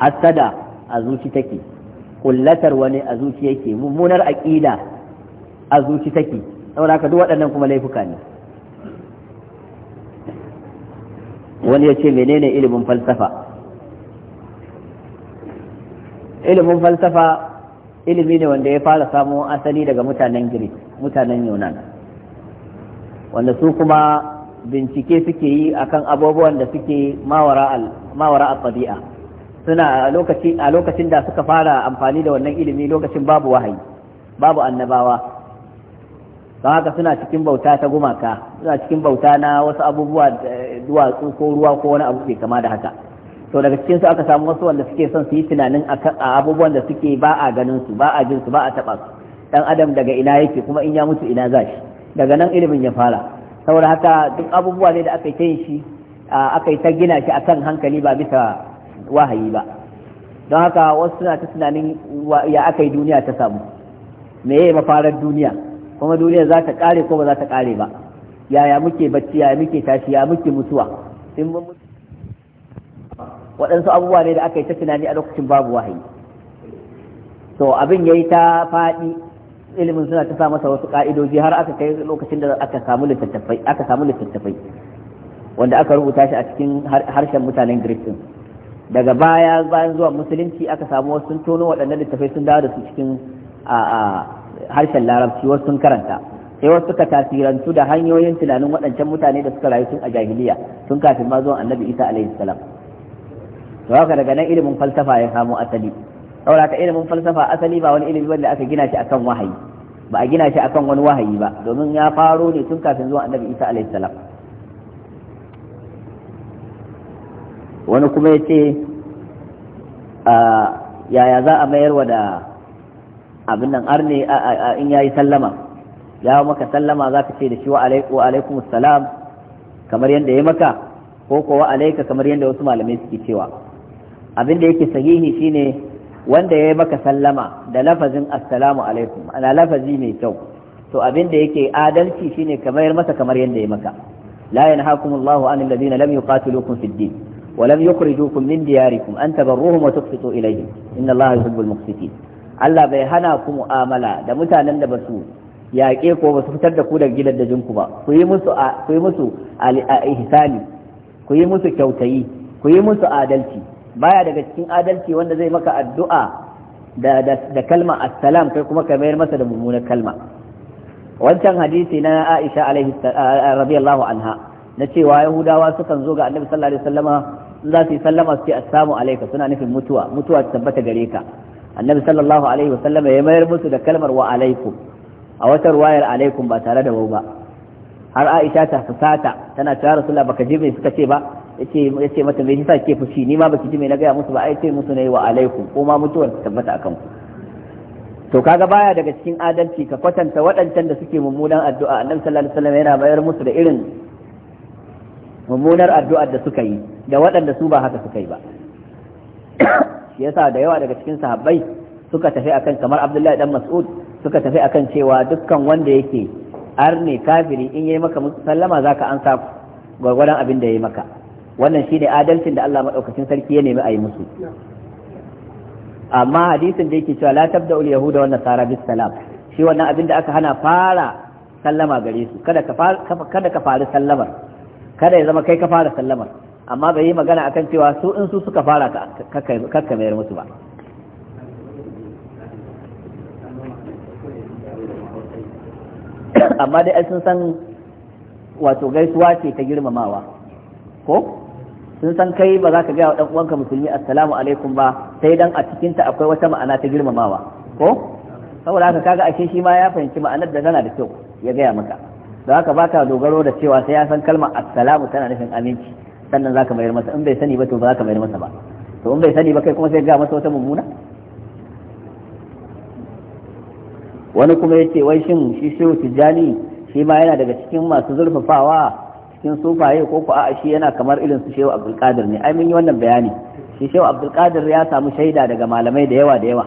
hasada a zuci take kullatar wani a zuci yake mummunar aƙida a zuci take saboda haka duk waɗannan kuma laifuka ne wani ya ce menene ilimin falsafa ilimin falsafa ilimi ne wanda ya fara samo asali daga mutanen Greek mutanen Yunan wanda su kuma bincike suke yi akan abubuwan da suke mawara a tabi'a suna a lokacin da suka fara amfani da wannan ilimi lokacin babu wahayi babu annabawa don haka suna cikin bauta ta gumaka suna cikin bauta na wasu abubuwa eh, duwatsu ko ruwa ko wani abu ke kama da haka to daga cikin su aka samu wasu wanda suke son su yi tunanin a abubuwan da suke ba a ganin su ba a jin su ba a taba su dan adam daga ina yake kuma in ya mutu ina za shi daga nan ilimin ya fara saboda haka duk abubuwa ne da aka yi shi aka yi ta gina shi akan hankali ba bisa wahayi ba don haka wasu suna ta tunanin ya aka yi duniya ta samu me ya mafarar duniya kuma duniya za ta kare ko ba za ta kare ba yaya muke bacci yaya muke tashi yaya muke mutuwa in mun waɗansu abubuwa ne da aka yi ta tunani a lokacin babu wahayi to abin yayi ta faɗi ilimin suna ta sa masa wasu ka'idoji har aka kai lokacin da aka samu littattafai aka samu littattafai wanda aka rubuta shi a cikin harshen mutanen Greek din daga baya bayan zuwa musulunci aka samu wasu tono waɗannan littattafai sun dawo da su cikin a harshen larabci wasu sun karanta sai wasu suka tasirantu da hanyoyin tunanin waɗancan mutane da suka rayu tun a jahiliya tun kafin ma zuwan annabi isa alaihi salam to haka daga nan ilimin falsafa ya samo asali saboda ilimin falsafa asali ba wani ilimi wanda aka gina shi akan wahayi ba a gina shi akan wani wahayi ba domin ya faro ne tun kafin zuwan annabi isa alaihi salam wani kuma ya ce ah, yaya za a mayar wa da abin nan arne in yayi sallama ya maka sallama za ka ce da shi wa alaikum salam kamar yadda ya maka ko kuwa alaika kamar yadda wasu malamai suke cewa abin da yake sahihi shine wanda ya maka sallama da lafazin assalamu alaikum ana lafazi mai kyau to abin da yake adalci shine kamar masa kamar yadda ya maka la yanhaakumullahu anil ladina lam yuqatilukum fid din ولم يخرجوكم من an أن تبروهم وتقسطوا إليهم إن الله يحب المقسطين Allah bai hana ku mu'amala da mutanen da basu yaƙe ko basu fitar da ku daga gidan jinku ba ku yi musu ku yi musu ihsani ku yi musu kyautayi ku yi musu adalci baya daga cikin adalci wanda zai maka addu'a da da kalma assalam kai kuma ka mayar masa da mummunar kalma wancan hadisi na Aisha alaihi radiyallahu anha na cewa Yahudawa sukan zo ga Annabi sallallahu alaihi wasallama za su yi sallama su ce assalamu alayka suna nufin mutuwa mutuwa ta tabbata gare ka annabi sallallahu alaihi wasallam ya mayar musu da kalmar wa alaikum a wata ruwayar alaikum ba tare da wau ba har Aisha ta fusata tana cewa Rasulullah baka ji me suka ce ba yace yace mata me yasa ke fushi ni ma baki ji me na gaya musu ba ai ce musu ne wa alaikum ko ma mutuwar ta tabbata akan ku to kaga baya daga cikin adalci ka kwatanta waɗancan da suke mummunan addu'a annabi sallallahu alaihi wasallam yana mayar musu da irin mummunar addu'ar da suka yi da waɗanda su ba haka suka yi ba shi yasa da yawa daga cikin sahabbai suka tafi akan kamar Abdullahi dan Mas'ud suka tafi akan cewa dukkan wanda yake arne kafiri in yayi maka sallama zaka ansa gwargwadon abin da yayi maka wannan shine adalcin da Allah madaukakin sarki ya nemi a yi musu amma hadisin da yake cewa la ul yahuda wan nasara bis salam shi wannan abin da aka hana fara sallama gare su kada ka kada ka fara sallamar kada ya zama kai ka fara sallamar amma bai yi magana akan cewa su in su suka fara kakka mayar musu ba amma dai sun san wato gaisuwa ce ta girmamawa ko sun san kai ba za ka gaya wa ɗan uwanka musulmi assalamu alaikum ba sai dan a cikinta akwai wata ma'ana ta girmamawa ko saboda haka kaga ashe shi ma ya fahimci ma'anar da tana da kyau ya gaya maka da haka baka dogaro da cewa sai ya san kalmar assalamu tana nufin aminci sannan za ka mayar masa in bai sani ba to ba za ka mayar masa ba to in bai sani ba kai kuma sai ga masa wata mummuna wani kuma ya ce wai shin shi shehu tijjani shi ma yana daga cikin masu zurfafawa cikin sufaye ko ku a'a shi yana kamar irin su shehu abdulkadir ne ai mun yi wannan bayani shi shehu abdulkadir ya samu shaida daga malamai da yawa da yawa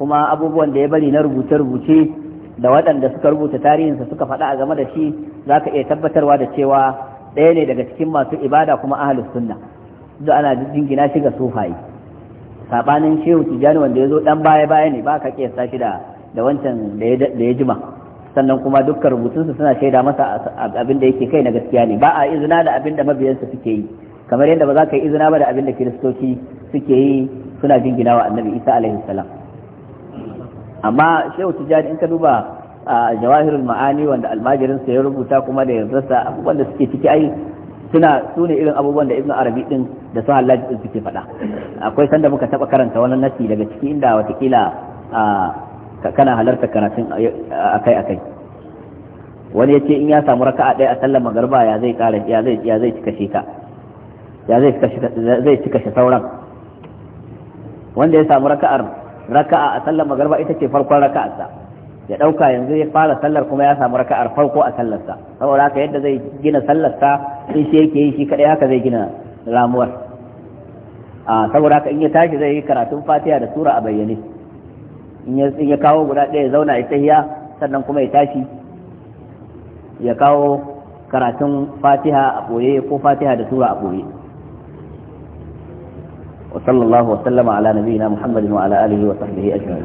kuma abubuwan da ya bari na rubuce-rubuce da waɗanda suka rubuta tarihinsa suka faɗa a game da shi za ka iya tabbatarwa da cewa ɗaya ne daga cikin masu ibada kuma ahalus sunna duk ana jingina shi ga sufaye sabanin shehu Tijjani wanda ya zo ɗan baya baya ne ba ka kiyasta shi da da wancan da ya jima sannan kuma dukkan rubutunsu suna shaida masa abin da yake kai na gaskiya ne ba a izina da abin da mabiyansa suke yi kamar yadda ba za ka yi izina ba da abin da kiristoci suke yi suna jingina wa annabi isa alaihi salam amma shehu Tijjani in ka duba a jawahirul ma'ani wanda almajirin sa ya rubuta kuma da sa abubuwan da suke ciki ai suna su ne irin abubuwan da ibnu arabi din da su halaji din suke faɗa akwai sanda muka taba karanta wani nasi daga ciki inda watakila kana halarta karatun akai akai wani yace in ya samu raka'a ɗaya a sallar magarba ya zai ƙara ya zai ya zai cika shi ka ya zai cika shi zai cika shi sauran wanda ya samu raka'ar raka'a a sallar magarba ita ce farkon raka'arsa ya ɗauka yanzu ya fara sallar kuma ya samu raka'ar farko a sallarsa saboda haka yadda zai gina sallarsa in shi yake yi shi kaɗai haka zai gina ramuwar a saboda haka in ya tashi zai yi karatun fatiha da sura a bayyane in ya kawo guda ɗaya ya zauna ya tahiya sannan kuma ya tashi ya kawo karatun fatiha a ɓoye ko fatiha da sura a ɓoye وصلى الله وسلم على نبينا محمد وعلى اله وصحبه اجمعين